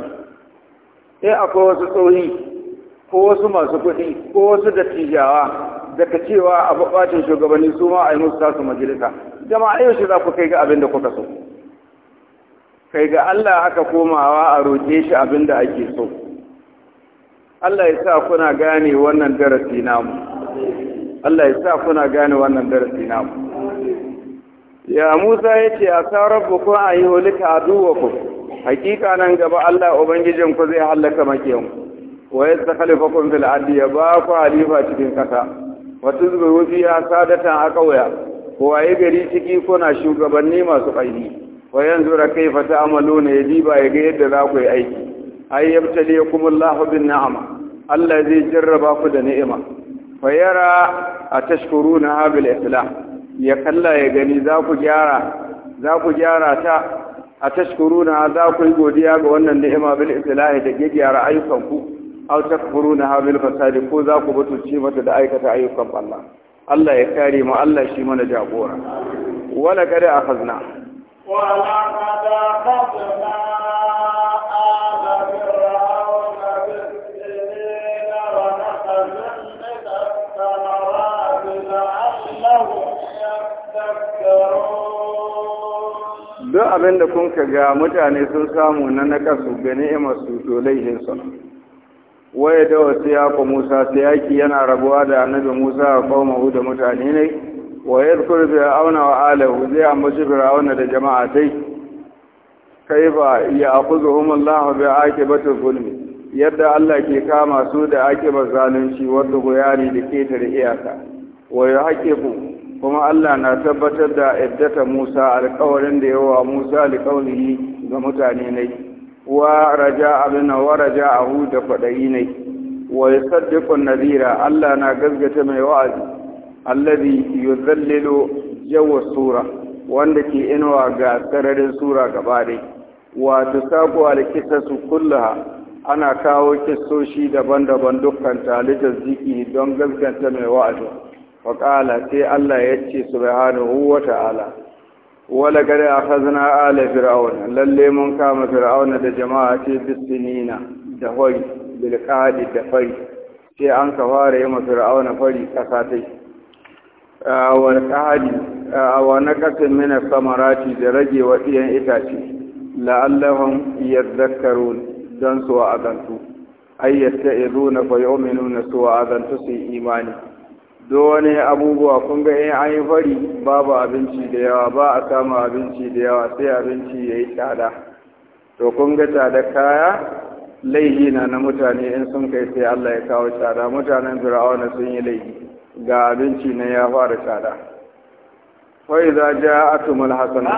in akwai wasu tsohi ko wasu masu kuɗi ko wasu dattijawa daga cewa a bacin shugabanni su ma a yi musu tasu majalisa jama'a yau shi za ku kai ga abin da kuka so kai ga Allah aka komawa a roƙe shi abin da ake so Allah ya sa kuna gane wannan darasi namu Allah ya sa kuna gane wannan darasi namu ya Musa ya ce a sa rabbukum duwa ku hakika nan gaba Allah ubangijinku zai halaka makiyanku ta yastakhlifukum fil ardi ya ba ku halifa cikin kasa wa tuzbihu fiha sadatan ƙauya? ko waye gari ciki kuna shugabanni masu ƙarfi wa yanzura kaifa ta'maluna ya diba ya ga yadda za ku yi aiki ay kuma, Allahu bin ni'ama Allah zai jarraba ku da ni'ima fa yara atashkuruna bil islam ya kalla ya gani za ku gyara za ku gyara ta a tashkuruna za ku yi godiya ga wannan ni'ima bil islahi da gyara ku aw takfuruna bil fasad ko za ku ce mata da aikata ayyukan Allah Allah ya kare mu Allah shi mana jagora wala kada akhazna wala kada akhazna Duk abin da kun ga mutane sun samu na kasu ga ni'imar su to laihinsu. waya da wasu ku musa sai yaki yana rabuwa da annabi musa a kawo da mutane ne wa ya zukuri auna wa alahu zai ambaci firawuna da jama'a Sai kai ba ya akuzu humullahu bi batun zulmi yadda Allah ke kama su da akibar zalunci wanda goyari da ketare iyaka wa hake ku. kuma Allah na tabbatar da iddata Musa alƙawarin da yawa Musa alƙawarin ga mutane ne wa raja abin wa raja ahu da kwaɗayi ne wa ya nazira Allah na gazgata mai wa'azi allazi yuzallilu jawa sura wanda ke inawa ga sararin sura gaba dai wato sako alkisasu kullaha ana kawo kisoshi daban-daban dukkan talitar ziki don gazganta mai wa'azi faƙala sai Allah ya ce subhanahu wa ta'ala wala gare a ala fir'aun lalle mun kama fir'auna da jama'a ce bisinina da hori bil da fari sai an ka fara yi ma fir'auna fari kasa wa qadi wa naqasin mina samarati da rage wa iyan itace la'allahum yadhakkarun dan su wa'azantu ayyata na fa yu'minuna su wa'azantu su imani do wani abubuwa kun ga in an yi fari babu abinci da yawa ba a samu abinci da yawa sai abinci ya yi tsada to kun ga tsada kaya laihi na na mutane in sun kai sai Allah ya kawo tsada mutanen fir'auna sun yi laihi ga abinci na ya fara tsada fa iza ja'atumul hasanah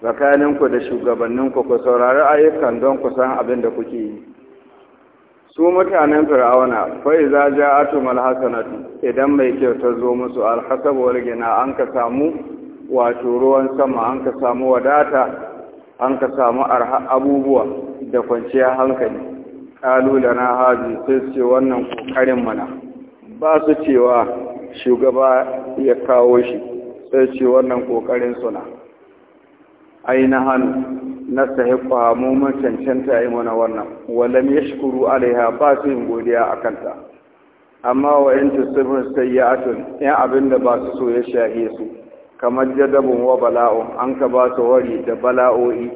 tsakaninku da shugabanninku ku saurari ayyukan don ku san abin da kuke yi su mutanen fir'auna fai za ja atumar hasanatu idan mai kyau ta zo musu alhasabuwar gina an ka samu wato ruwan sama an ka samu wadata an ka samu abubuwa da kwanciyar hankali kalu na sai ce wannan kokarin mana ba su cewa shugaba ya kawo shi sai ce wannan kokarin suna ai na mu mun cancanta yi mana wannan walam ya shukuru alaiha ba su yin godiya a kanta amma wa sai ya atun, in abin da ba su so ya shahe su kamar jadabin wa bala'o an ka ba su wari da bala'o'i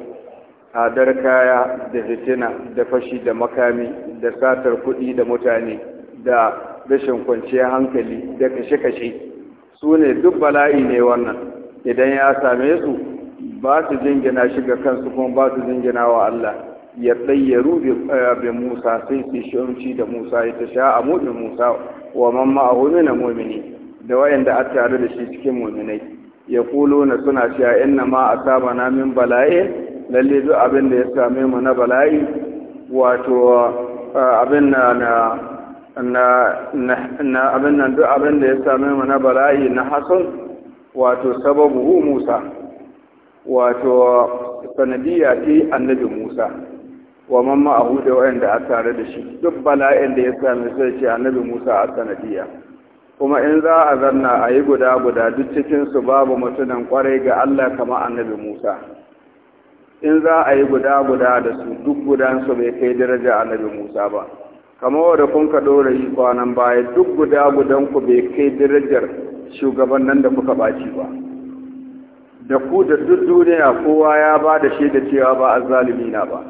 hadar kaya da fitina da fashi da makami da satar kuɗi da mutane da rashin kwanciyar hankali da kashe-kashe su ne duk bala'i ne wannan idan ya same su ba su jingina shi ga kansu kuma ba su jingina wa Allah ya tsayyaru eh, bi Musa sai su shi da Musa ya ta sha a mu'min Musa wa man ma'ahu min mu'mini da wayanda a tare da shi cikin mu'minai ya na suna cewa inna ma na min bala'i lalle duk abin da ya same mu na bala'i wato eh, abin na na abin nan duk abin da ya same mu na bala'i na hasan wato sababu Musa wato sanadiyya ta annabi Musa wa mamma abu da wayanda a tare da shi duk bala'in da ya sami sai ce annabi Musa a sanadiyya kuma in za a zanna a yi guda guda duk cikin su babu mutunan kwarai ga Allah kamar annabi Musa in za a yi guda guda da su duk gudan su bai kai daraja annabi Musa ba kamar wanda kun ka dora yi kwanan baya duk guda gudan ku bai kai darajar shugaban da kuka baci ba da ku da duk duniya kowa ya ba da shaida cewa ba zalimi na ba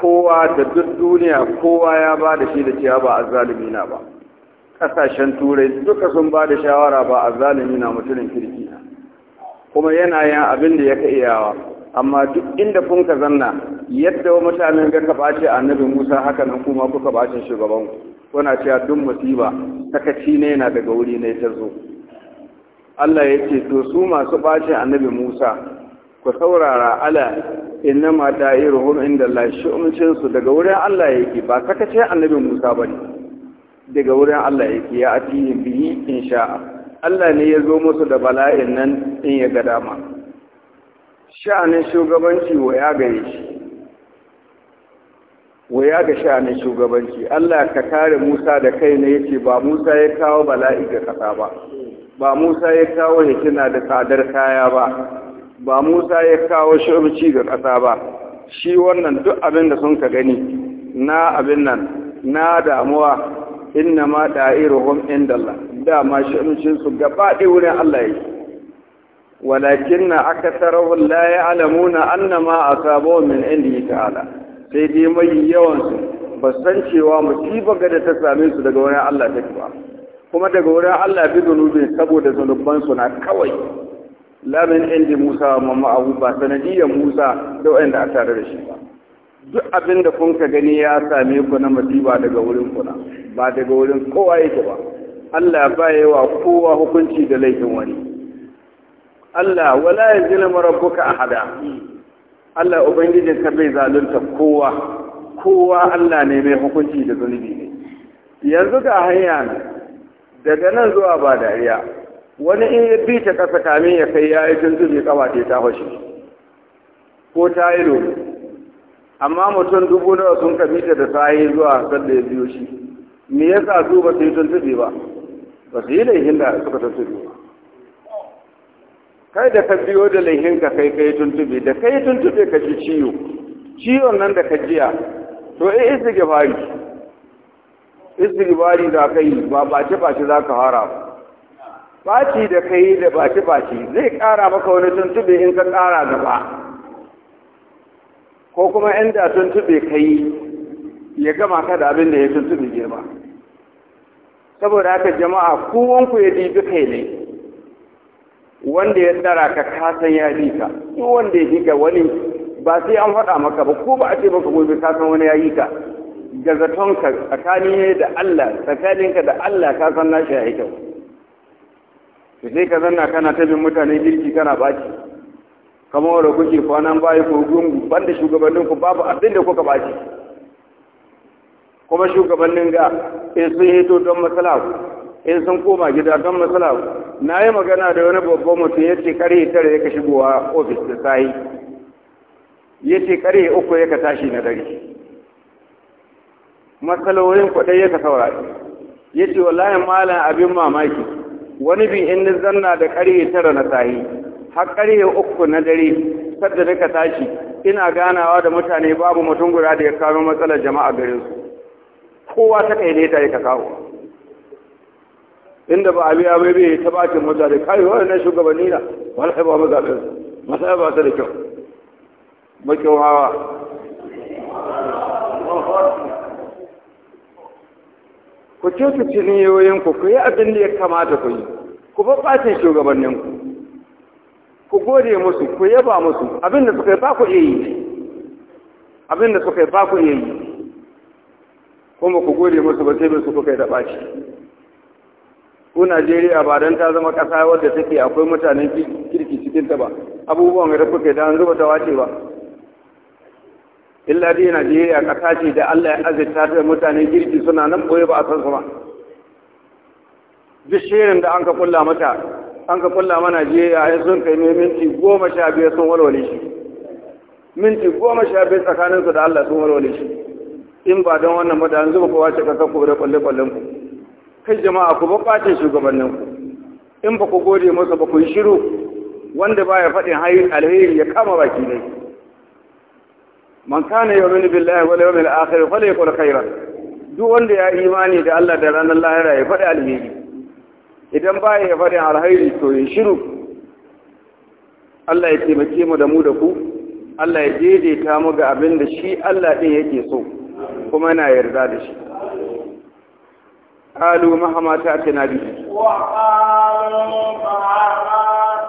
kowa da duk duniya kowa ya ba da shaida cewa ba zalimi na ba kasashen turai duka sun ba da shawara ba a zalimi na mutumin kirki na kuma yana yin abin da ya ka iyawa amma duk inda kun ka zanna yadda wa mutanen ga ka bace annabi Musa haka nan kuma kuka bace shugaban kuna cewa duk musiba sakaci ne yana daga wuri ne ta zo Allah ya ce to su masu bacin annabi Musa ku saurara ala inna ma ta'iruhum inda Allah shi'umcin su daga wurin Allah yake ba ka kace annabi Musa bane daga wurin Allah yake ya atihim bihi insha Allah ne ya zo musu da bala'in nan in ya ga dama sha'anin shugabanci wa ya gare shi waya ga sha'anin shugabanci Allah ka kare Musa da kai ne yace ba Musa ya kawo bala'i ga kasa ba ba Musa ya kawo hikina da tsadar kaya ba ba Musa ya kawo shirci ga ƙasa ba shi wannan duk abin da sun ka gani na abin nan na damuwa inna ma da'iruhum indallah dama shircin su gaba wurin Allah yake walakin na aka tarahun la ya alamuna annama a sabo min indihi ta'ala sai dai mai yawansu ba san cewa musibar ga da ta same su daga wani Allah take ba kuma daga wurin Allah bi zunubin saboda zunubansu na kawai lamin inda Musa mamma abu ba sanadiyar Musa da wanda a tare da shi ba duk abin da kun ka gani ya same ku na masiba daga wurin kuna ba daga wurin kowa yake ba Allah ba wa kowa hukunci da laifin wani Allah wala ya zina marabbuka ahada Allah ubangijin ka bai zalunta kowa kowa Allah ne mai hukunci da zunubi ne yanzu ga hanya daga nan zuwa ba dariya wani in ya bi ta kasa kamin ya kai ya yi tun kama kawa ta fashe ko ta yi lobe amma mutum dubu nawa sun ka ta da sahi zuwa da ya biyo shi me yasa su ba su yi tuntubi ba ba su yi laihin da suka tuntubi ba kai da ka biyo da laihin ka kai kai tuntubi da kai tuntube ka ji ciwo ciwon nan da ka jiya to eh isa eh, gefari istighfari za ka yi ba bace baci za ka fara ba baci da ka yi da bace baci zai kara maka wani tuntube in ka kara gaba ko kuma inda tuntube ka yi ya gama ka da abin da ya tuntube girma saboda haka jama'a kowanku ya dibi kai ne wanda ya tsara ka kasan ya yi ka ko wanda ya yi ka wani ba sai an faɗa maka ba ko ba a ce maka gobe kasan wani ya yi ka ga zatonka tsakani da Allah tsakaninka da Allah ka san nashi ya yi kyau to sai ka zanna kana ta bin mutane girki kana baki kamar wanda kuke kwanan baya ko gungu banda shugabannin ku babu abin da kuka baki kuma shugabannin ga in sun hito don matsala in sun koma gida don matsala na yi magana da wani babban mutum ya ce kare tare ya ka shigowa ofis da sahi ya ce kare uku ya ka tashi na dare matsalolin kwaɗai ya ka saurari ya ce wallahi malam abin mamaki wani bi in zanna da ƙarye tara na sahi har ƙarye uku na dare sadda ka tashi ina ganawa da mutane babu mutum guda da ya kawo matsalar jama'a garin su kowa ta kai ne ta yi ka kawo inda ba abi ya bai bai ta bakin mutane kai wannan shugabanni na wallahi ba mazaɓin masu ba ta da kyau makin hawa ku cutu ciniyoyinku ku yi abin da ya kamata ku yi ku faɓacin shugabanninku ku gode musu ku yaba musu abin da suka yi ba ku iya yi abin da suka yi ba ku iya yi kuma ku gode musu ba sai bai su kuka yi da ɓaci ku najeriya ba don ta zama ƙasa wadda take akwai mutanen kirki cikin ta ba abubuwan da kuka yi da an zuba ta wace ba illa dai najeriya kasa ce da allah ya azirta ta mutanen girki suna nan boye ba a san su ba duk shirin da an ka kulla mata an ka kulla mana jiya ya sun kai ne minti goma sha biyar sun walwale shi minti goma sha biyar tsakaninsu da allah sun walwale shi in ba don wannan ba da yanzu ba kowa ce ka ku da kwalle-kwallen ku kai jama'a ku ba ɓacin shugabannin ku in ba ku gode masa ba ku yi shiru wanda ba baya faɗin alheri ya kama baki dai man kana yu'minu billahi wal yawmil akhir falyakul khairan duk wanda ya imani da Allah da ranar lahira ya faɗi alheri idan ba ya faɗi alheri to ya shiru Allah ya taimake mu da mu da ku Allah ya daidaita mu ga abin da shi Allah din yake so kuma yana yarda da shi قالوا مهما تأتنا به وقالوا مهما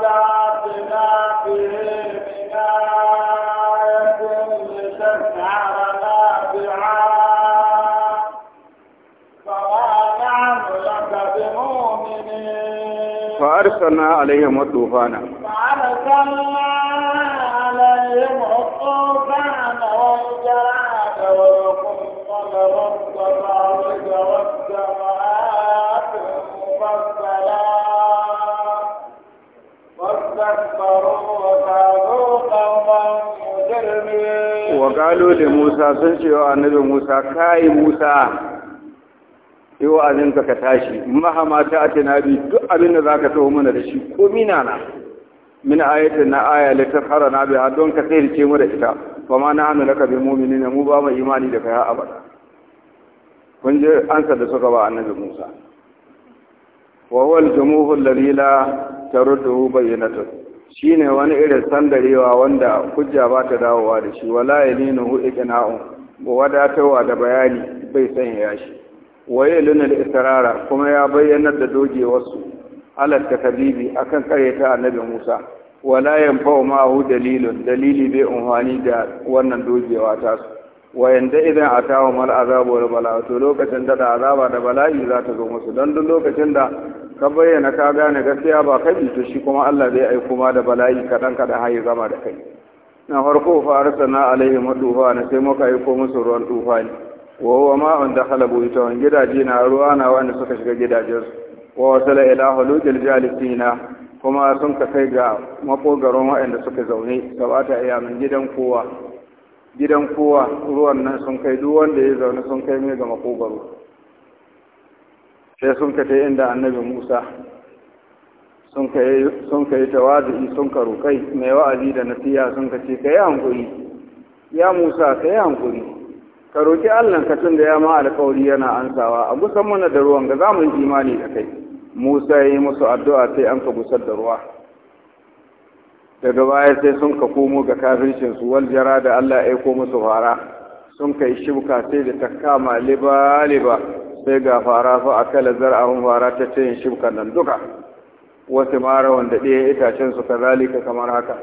تأتنا به فأرسلنا عليهم الطوفان فأرسلنا عليهم الطوفان والجراد والقمطر والضفادع والسماء المفصلات واستكبروا وكانوا قوما مجرمين وقالوا لموسى سنشئوا النبي موسى كاي موسى yi a ka ka tashi mahama ta ake na duk abin da za ka taho mana da shi ko mina na min ayyukan na aya littar hara na biya don ka sai rice mu da ita ba ma na hannu ka bi mumini na mu ba mai imani da a abada kun ji ansa da suka ba annabi musa wa huwa al-jumuhu taruddu bayyinatan shine wani irin sandarewa wanda hujja ba ta dawowa da shi wala yalinuhu iqna'u wadatawa da bayani bai sanya yashi waye lunar israra kuma ya bayyanar da dogewarsu halarta Kabibi, akan karyata annabi Musa wala ma ma'ahu dalilun dalili bai umfani da wannan dogewa ta su wayanda idan atawa mal azabu wal bala to lokacin da azaba da bala'i za ta zo musu dan duk lokacin da ka bayyana ka gane gaskiya ba kai to shi kuma Allah zai aiko ma da bala'i kadan kadan hayi zama da kai na farko fa arsalna alaihi madufa na sai muka aiko musu ruwan tufani wa ma da dakhala ita wani gidaje na ruwa na wanda suka shiga gidajen wa wasala ila halujil jalisina kuma sun ka kai ga makogaron waɗanda suka zaune sabata iyamin gidan kowa gidan kowa ruwan nan sun kai duk wanda ya zaune sun kai mai ga makogaro sai sun ka ta inda annabi musa sun ka yi tawazi sun ka roƙai mai wa'azi da nasiya sun ka ce ka yi hankuri ya musa ka yi hankuri ka roƙi Allah ka tun da ya ma alƙawari yana ansawa a gusan mana da ruwan ga zamu imani da kai Musa ya yi musu addu'a sai an ka gusar da ruwa daga baya sai sun ka komo ga kafircin su wal jara da Allah ya aiko musu fara sun kai shibka sai da ta kama liba liba sai ga fara fa akala zar'ahum fara ta ce shibkan nan duka wasu mara wanda ɗaya itacen su ka kazalika kamar haka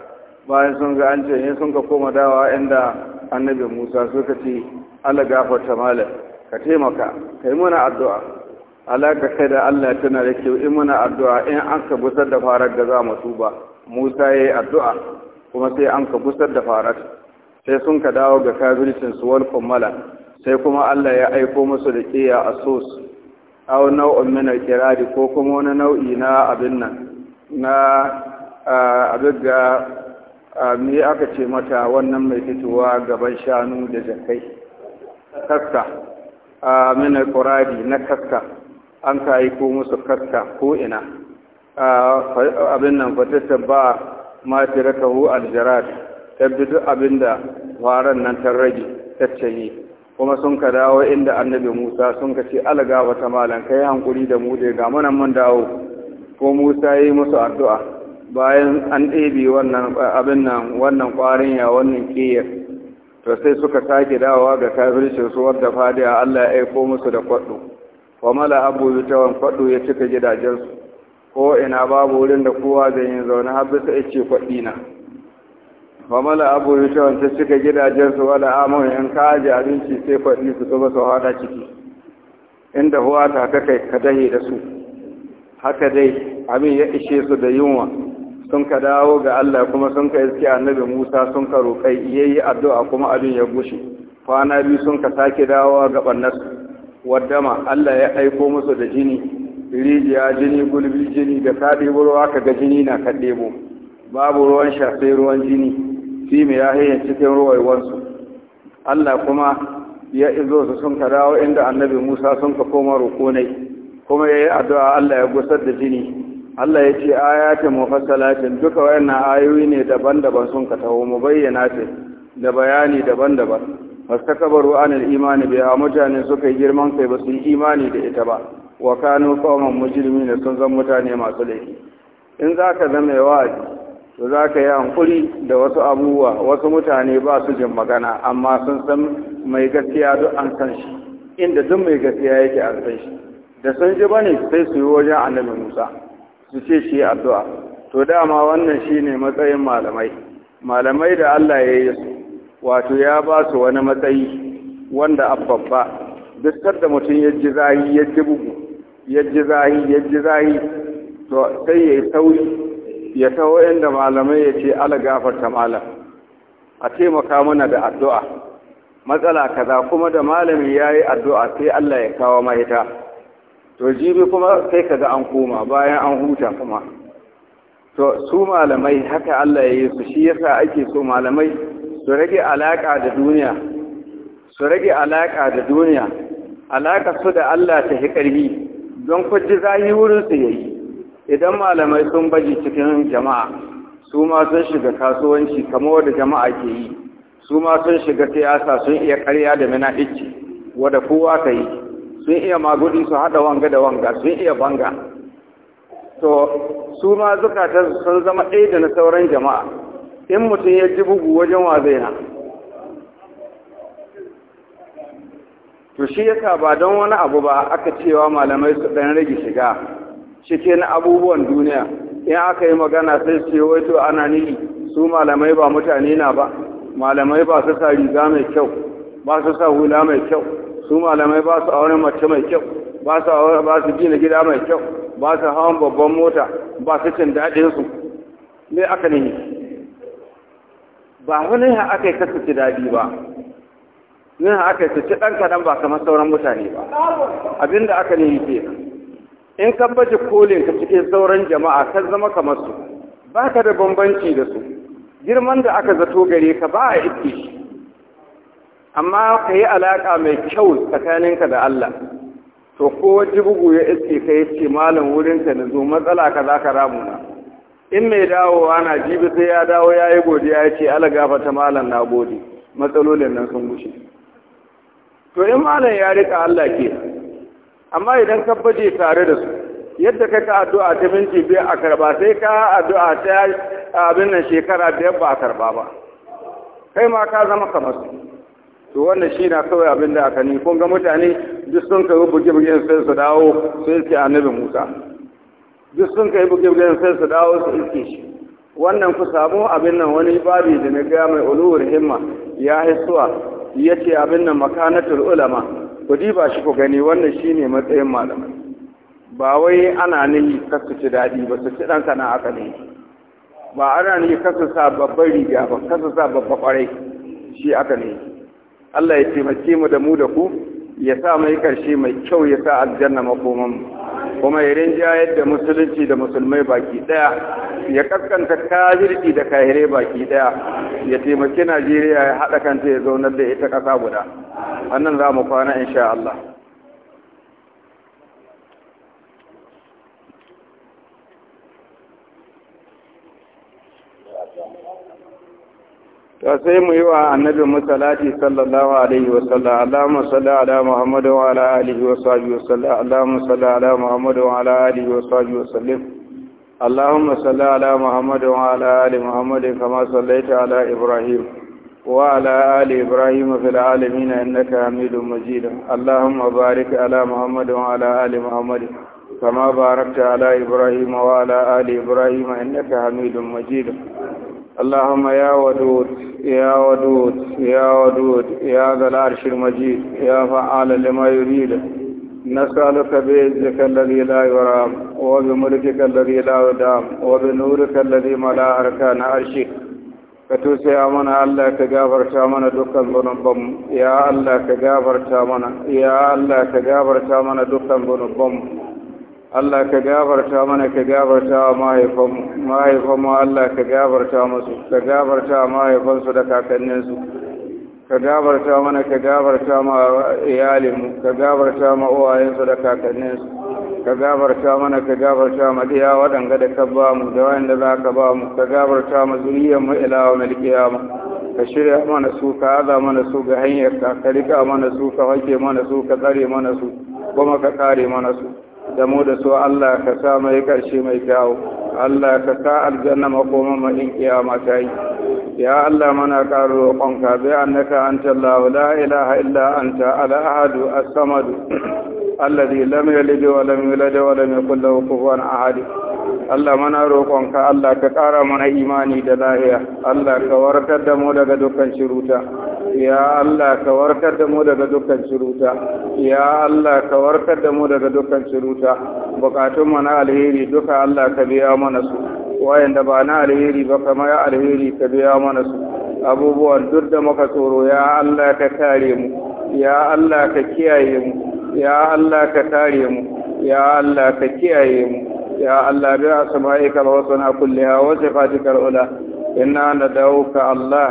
bayan sun ga an ce sun ka koma dawa inda annabi Musa suka ce Allah gafarta malam ka taimaka kai muna addu'a alaka kai da Allah tana da kyau in muna addu'a in an ka busar da farar da za mu tuba Musa ya yi addu'a kuma sai an ka busar da farar sai sun ka dawo ga kafircin su wal kummala sai kuma Allah ya aiko musu da kiya a sos aw nau'un min al-kirari ko kuma wani nau'i na abin nan na abin ga me aka ce mata wannan mai fitowa gaban shanu da jakai kaska a minar na kaska an ka yi ko musu kaska ko ina abin nan fatatta ba ma raka hu aljarat ta bidu abin da faran nan ta rage tattaye kuma sun ka dawo inda annabi musa sun ka ce alaga wata malan kai hankuri da mu ga manan mun dawo ko musa yi musu addu'a bayan an ɗebe wannan abin nan wannan ƙwarin ya wannan ƙiyar to sai suka sake dawowa ga kafirci su wanda fadiya Allah ya aiko musu da kwaddo fa mala abu zutawan kwaddo ya cika gidajensu ko ina babu wurin da kowa zai yin zaune har bisa ya ce kwaɗi na fa mala abu zutawan ta cika gidajensu wala amon in ka aje abinci sai kwaɗi su zuba su hada ciki inda huwa ta ka kai ka dahe da su haka dai abin ya ishe su da yunwa sun ka dawo ga Allah kuma sun ka iske annabi Musa sun ka roƙai yayi addu'a kuma abin ya gushe kwana biyu sun ka sake dawowa ga bannas Wadama Allah ya aiko musu da jini rijiya jini gulbi jini da ta ɗebo ruwa ka ga jini na ka ɗebo babu ruwan sha sai ruwan jini fi mai ya hayyan cikin ruwaiwansu Allah kuma ya izo su sun ka dawo inda annabi Musa sun ka koma roƙo kuma ya yi addu'a Allah ya gusar da jini Allah ya ce ayatin mufassalatin duka wayannan ayoyi ne daban-daban sun ka taho mu bayyana ce da bayani daban-daban fastakabaru anil imani biha mutane suka yi girman kai ba su yi imani da ita ba wa kanu qauman mujrimina sun zan mutane masu laifi in zaka zama wa'azi to zaka yi hankuri da wasu abubuwa wasu mutane ba su jin magana amma sun san mai gaskiya duk an san shi inda duk mai gaskiya yake an san shi da sun ji bane sai su yi wajen annabi Musa su ce shi addu'a to dama wannan shine matsayin malamai malamai da Allah ya yi su wato ya ba su wani matsayi wanda abbabba duk da mutum ya ji zahi ya ji bugu ya ji zahi ya ji zahi to sai ya yi sauri ya taho inda malamai ya ce ala gafarta malam a taimaka mana da addu'a matsala kaza kuma da malami ya yi addu'a sai Allah ya kawo mahita to jibi kuma sai kaga an koma bayan an huta kuma to su malamai haka Allah ya yi su shi yasa ake so malamai su rage alaka da duniya su rage alaka da duniya alaka su da Allah ta hi karbi don kwaji zahi wurin su yayi idan malamai sun baji cikin jama'a su ma sun shiga kasuwanci kamar wanda jama'a ke yi su ma sun shiga siyasa sun iya karya da mana icci wanda kowa ka yi sun iya magudi su haɗa wanga da wanga sun iya banga to su ma zukatan sun zama ɗaya da na sauran jama'a in mutum ya ji bugu wajen wa zai to shi yasa ba don wani abu ba aka cewa malamai su ɗan rage shiga na abubuwan duniya in aka yi magana sai su wai to ana nihi su malamai ba mutane na ba malamai ba su sa riga mai kyau ba su sa hula mai kyau su malamai ba su auren mace mai kyau ba su auren ba su gina gida mai kyau ba su hawan babban mota ba su cin daɗin su me aka ne ba wani ha aka yi kasu ci daɗi ba ne ha aka yi su ci ɗan kaɗan ba kamar sauran mutane ba abinda aka ne ke in ka baje kolin ka cikin sauran jama'a kan zama kamar su ba ka da bambanci da su girman da aka zato gare ka ba a iske shi amma ka yi alaƙa mai kyau tsakaninka da Allah to ko wajen bugu ya iske ka yi ce malam wurinka da zo matsala ka za ka ramuna in mai dawowa na jibi sai ya dawo ya yi godiya ya ce ala ta malam na gode matsalolin nan sun gushe to in malam ya rika Allah ke amma idan ka baje tare da su yadda ka ka addu'a ta minti biyu a karba sai ka addu'a ta abin nan shekara biyar ba a karba ba kai ma ka zama kamar su to wannan shi na kawai abin da aka ni kun ga mutane duk sun kai buge buge sai su dawo su ce annabi Musa duk sun kai buge buge sai su dawo su iske shi wannan ku samu abin nan wani babi da na ga mai ulul himma ya hisuwa yace abin nan makanatul ulama ku diba shi ku gani wannan ne matsayin malamai ba wai ana nihi kasu ci daɗi ba su ci ɗan kana aka ne ba ana nihi kasu sa babbar riga ba kasu sa babbar ƙwarai shi aka ne Allah ya taimake mu da mu da ku ya sa mai karshe mai kyau ya sa aljanna makoman kuma ya rinjayar da musulunci da musulmai baki daya ya kaskanta kafirci da kahirai baki daya ya taimaki Najeriya ya haɗa kanta ya zaunar da ita ƙasa guda annan za mu kwana insha Allah sai mu yi wa annabi musalati sallallahu alaihi wa sallam Allahumma salli ala Muhammad wa ala alihi wa sahbihi wa sallam Allahumma salli ala Muhammad wa ala alihi wa sahbihi wa sallam Allahumma salli ala Muhammad wa ala ali Muhammad kama sallaita ala Ibrahim wa ala ali Ibrahim fil alamin innaka Hamidum Majid Allahumma barik ala Muhammad wa ala ali Muhammad kama barakta ala Ibrahim wa ala ali Ibrahim innaka Hamidum Majid اللهم يا ودود يا ودود يا ودود يا ذا العرش المجيد يا فعال لما يريد نسألك بعزك الذي لا يرام وبملكك الذي لا يدام وبنورك الذي ملا أركان عرشك كتوسع أمنا الله كجابر شامنا دكان بنبم يا الله كجابر شامنا يا الله كجابر شامنا دكان بنبم Allah ka gafarta mana ka gafarta mahaifanmu mahaifanmu Allah ka gafarta musu ka gafarta mahaifansu da kakanninsu ka gafarta mana ka gafarta ma iyalinmu ka gafarta ma uwayensu da kakanninsu ka gafarta mana ka gafarta ma diya waɗanga da ka ba mu da wayanda za ka ba mu ka gafarta ma wa ilawa ma, ka shirya mana su ka aza mana su ga hanyar ka ka rika mana su ka wake mana su ka tsare mana su kuma ka kare mana su da mu da su Allah ka sa mai karshe mai kyau Allah ka sa aljanna makoma madin kiyama ta ya Allah mana karo roƙonka bi annaka anta Allah la ilaha illa anta al ahad as samad <clears throat> alladhi lam yalid wa lam yulad wa lam yakul lahu kufuwan ahad Allah mana roƙonka Allah ka ƙara mana imani da lahiya Allah ka warkar da mu daga dukkan shiruta ya Allah ka warkar da mu daga dukkan shiruta ya Allah ka warkar da mu daga dukkan shiruta bukatun mu na alheri duka Allah ka biya mana su wayanda ba na alheri ba kama ya alheri ka biya mana su abubuwan duk da muka tsoro ya Allah ka kare mu ya Allah ka kiyaye mu ya Allah ka kare mu ya Allah ka kiyaye mu ya Allah bi a sama'ikar wasu na kulle ha wasu fatikar hula ina na dauka Allah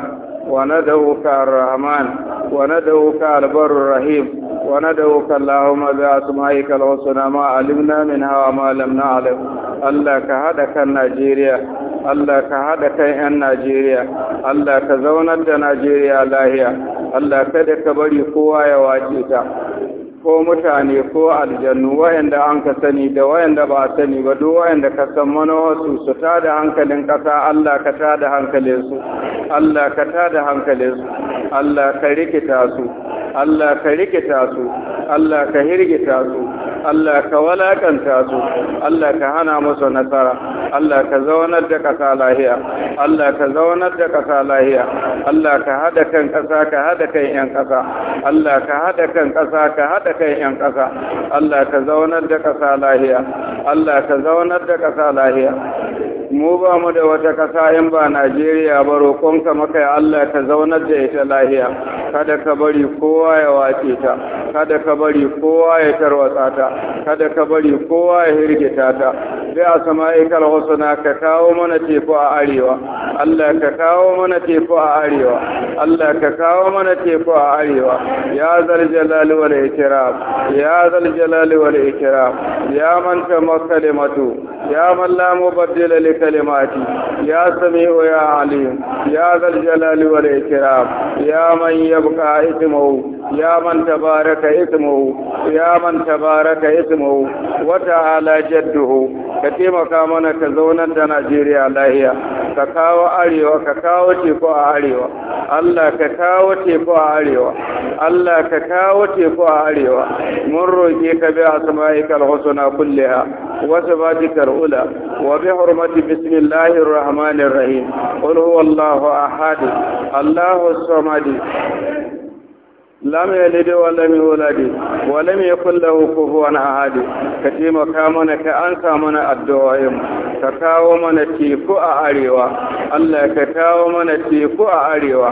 wa na dauka rahman wa na dauka albarun rahim wa na dauka lahoma bi a sama'ikar wasu na min hawa ma'alim na alim Allah ka haɗa kan Najeriya Allah ka haɗa kan 'yan Najeriya Allah ka zaunar da Najeriya lahiya Allah ka ka bari kowa ya wake ta ko mutane ko aljannu wayanda an ka sani da wayanda ba a sani ba duk wayanda ka san manowarsu su ta da hankalin ƙasa Allah ka ta da su, Allah ka ta da su, Allah ka rikita su Allah ka rikita su Allah ka hirgita su Allah ka walakanta su Allah ka hana musu nasara Allah ka zaunar da ƙasa lahiya Allah ka zaunar da ƙasa lahiya Allah ka haɗa kan ƙasa ka haɗa kan 'yan ƙasa Allah ka haɗa kan ƙasa ka haɗa kan 'yan ƙasa Allah ka zaunar da ƙasa lahiya Allah ka zaunar da ƙasa lahiya mu ba mu da wata ƙasa in ba Najeriya ba roƙonka maka Allah ka zaunar da ita lahiya kada ka bari kowa ya wace ta kada ka bari kowa ya tarwatsa ta kada ka bari kowa ya hirgita ta sama ikal husna ka kawo mana teku a arewa Allah ka kawo mana teku a arewa Allah ka kawo mana teku a arewa ya zal jalali wal ikram ya zal jalali wal ikram ya man kalimatu ya man la mubaddila li kalimati ya sami'u ya alim ya zal jalali wal ikram ya man yabqa ismuhu يا من تبارك اسمه يا من تبارك اسمه وتعالى جده كتيما كامنا كزونا نيجيريا لاهيا ka kawo arewa ka kawo teku a arewa Allah ka kawo teku a arewa Allah ka kawo teku a arewa mun roƙe ka bi asma'ikal husna kulliha wa sifatikal ula wa bi Allahu lam yalid wa lam yulad wa lam yakul lahu kufuwan ahad katima kamana ka ansa mana addu'ayum ka kawo mana tifu a arewa Allah ka kawo mana teku a arewa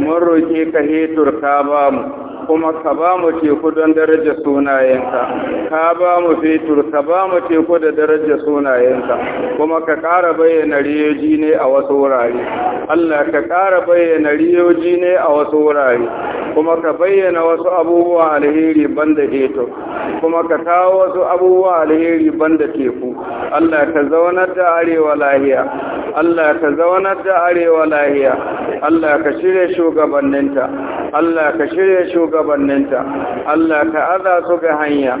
mun roke ka hitur ka ba kuma ka ba mu teku don daraja sunayenka ka ba mu fetur ka ba mu teku da daraja sunayenka kuma ka ƙara bayyana riyoji ne a wasu wurare Allah ka ƙara bayyana riyoji ne a wasu wurare kuma ka bayyana wasu abubuwa alheri banda heto kuma ka kawo wasu abubuwa alheri banda teku Allah ka zaunar da arewa lahiya Allah ka zaunar da arewa lahiya Allah ka shirya shugabanninta Allah ka shirya shugabanninta shugabanninta Allah ka aza su ga hanya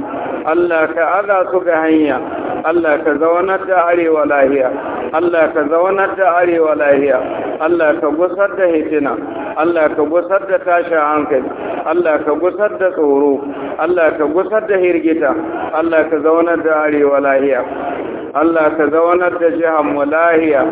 Allah ka aza su ga hanya Allah ka zaunar da arewa lahiya Allah ka zaunar da arewa lahiya Allah ka gusar da hitina Allah ka gusar da tashin hankali Allah ka gusar da tsoro Allah ka gusar da hirgita Allah ka zaunar da arewa lahiya Allah ka zaunar da jihar mu lahiya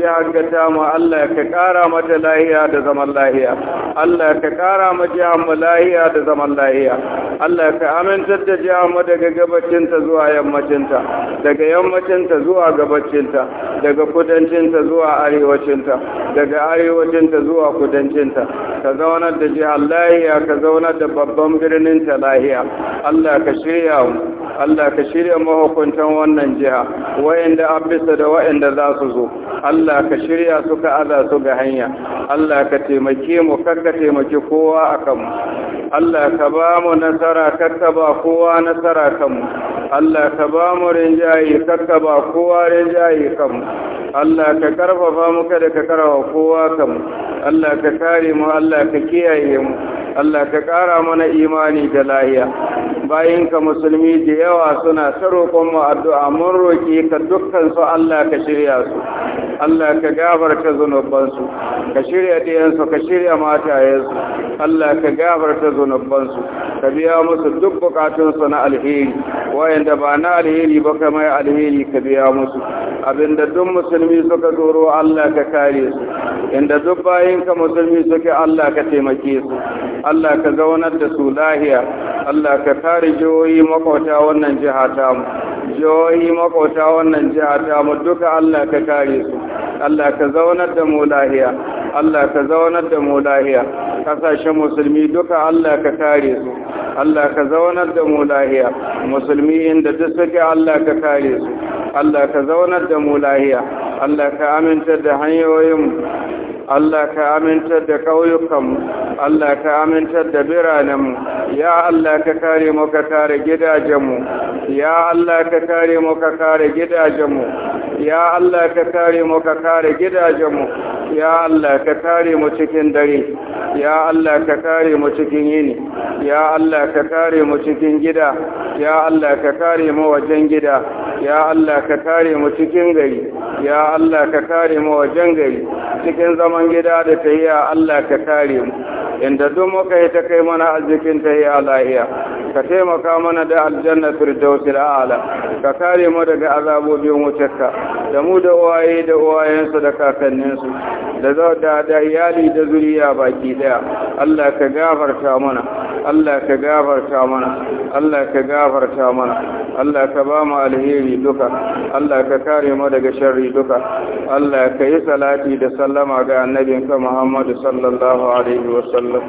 jihar ga tamu Allah ka kara mata lahiya da zaman lahiya Allah ka kara ma jihar mu lahiya lahiya da zaman lahiya Allah ka amintar da jihanmu daga gabacinta zuwa yammacinta daga yammacinta zuwa gabacinta daga kudancinta zuwa arewacinta daga arewacinta zuwa kudancinta ka zaunar da jihar lahiya ka zaunar da babban birnin ta lahiya Allah ka shirya mu Allah ka shirya mahukuntan wannan jiha wayanda an bisa da wayanda za su zo Allah ka shirya su ka aza su ga hanya Allah ka taimake mu kar ka taimaki kowa akan mu Allah ka ba mu nasara kakka ba kowa nasara kanmu Allah ka ba mu rinjaye kakka ba kowa rinjaye kanmu Allah ka karfafa mu kada ka karawa kowa kanmu Allah ka kare mu Allah ka kiyaye mu Allah ka kara mana imani da lahiya bayinka musulmi da yawa suna ta roƙon mu addu'a mun roƙe ka dukkan su Allah ka shirya su Allah ka gafarta zunuban su ka shirya ɗiyan ka shirya matayen Allah ka gafarta zunuban su ka biya musu duk bukatun na alheri wayanda ba na alheri ba ka alheri ka biya musu abinda duk musulmi suka zoro Allah ka kare su inda duk bayinka musulmi suke Allah ka taimake su Allah ka zaunar da su lahiya Allah ka kare jihohi makwata wannan jiha ta mu jihohi makwata wannan jiha ta mu duka Allah ka kare su Allah ka zaunar da mu lahiya Allah ka zaunar da mu lahiya kasashen musulmi duka Allah ka kare su Allah ka zaunar da mu lahiya musulmi inda duk suke Allah ka kare su Allah ka zaunar da mu lahiya Allah ka aminta da hanyoyin Allah ka amintar da ƙauyukanmu Allah ka amintar da biranenmu ya Allah ka kare mu ka kare gidajenmu ya Allah ka kare mu ka kare gidajenmu ya Allah ka kare mu ka kare gidajenmu ya Allah ka kare mu cikin dare ya Allah ka kare mu cikin yini ya Allah ka kare mu cikin gida ya Allah ka kare mu wajen gida ya Allah ka kare mu cikin gari ya Allah ka kare mu wajen gari cikin zama zaman gida da ta yi a, Allah ka kare mu inda duk muka yi ta kai mana arzikin a lahiya ka taimaka mana da aljanna firdausi ala ka kare mu daga azabobin wutarka da mu da uwaye da uwayensu da kakanninsu da da da iyali da zuriya baki daya Allah ka gafarta mana Allah ka gafarta mana Allah ka gafarta mana Allah ka ba mu alheri duka Allah ka kare mu daga sharri duka Allah ka yi salati da sallama ga annabinka Muhammadu sallallahu Alaihi wasallam.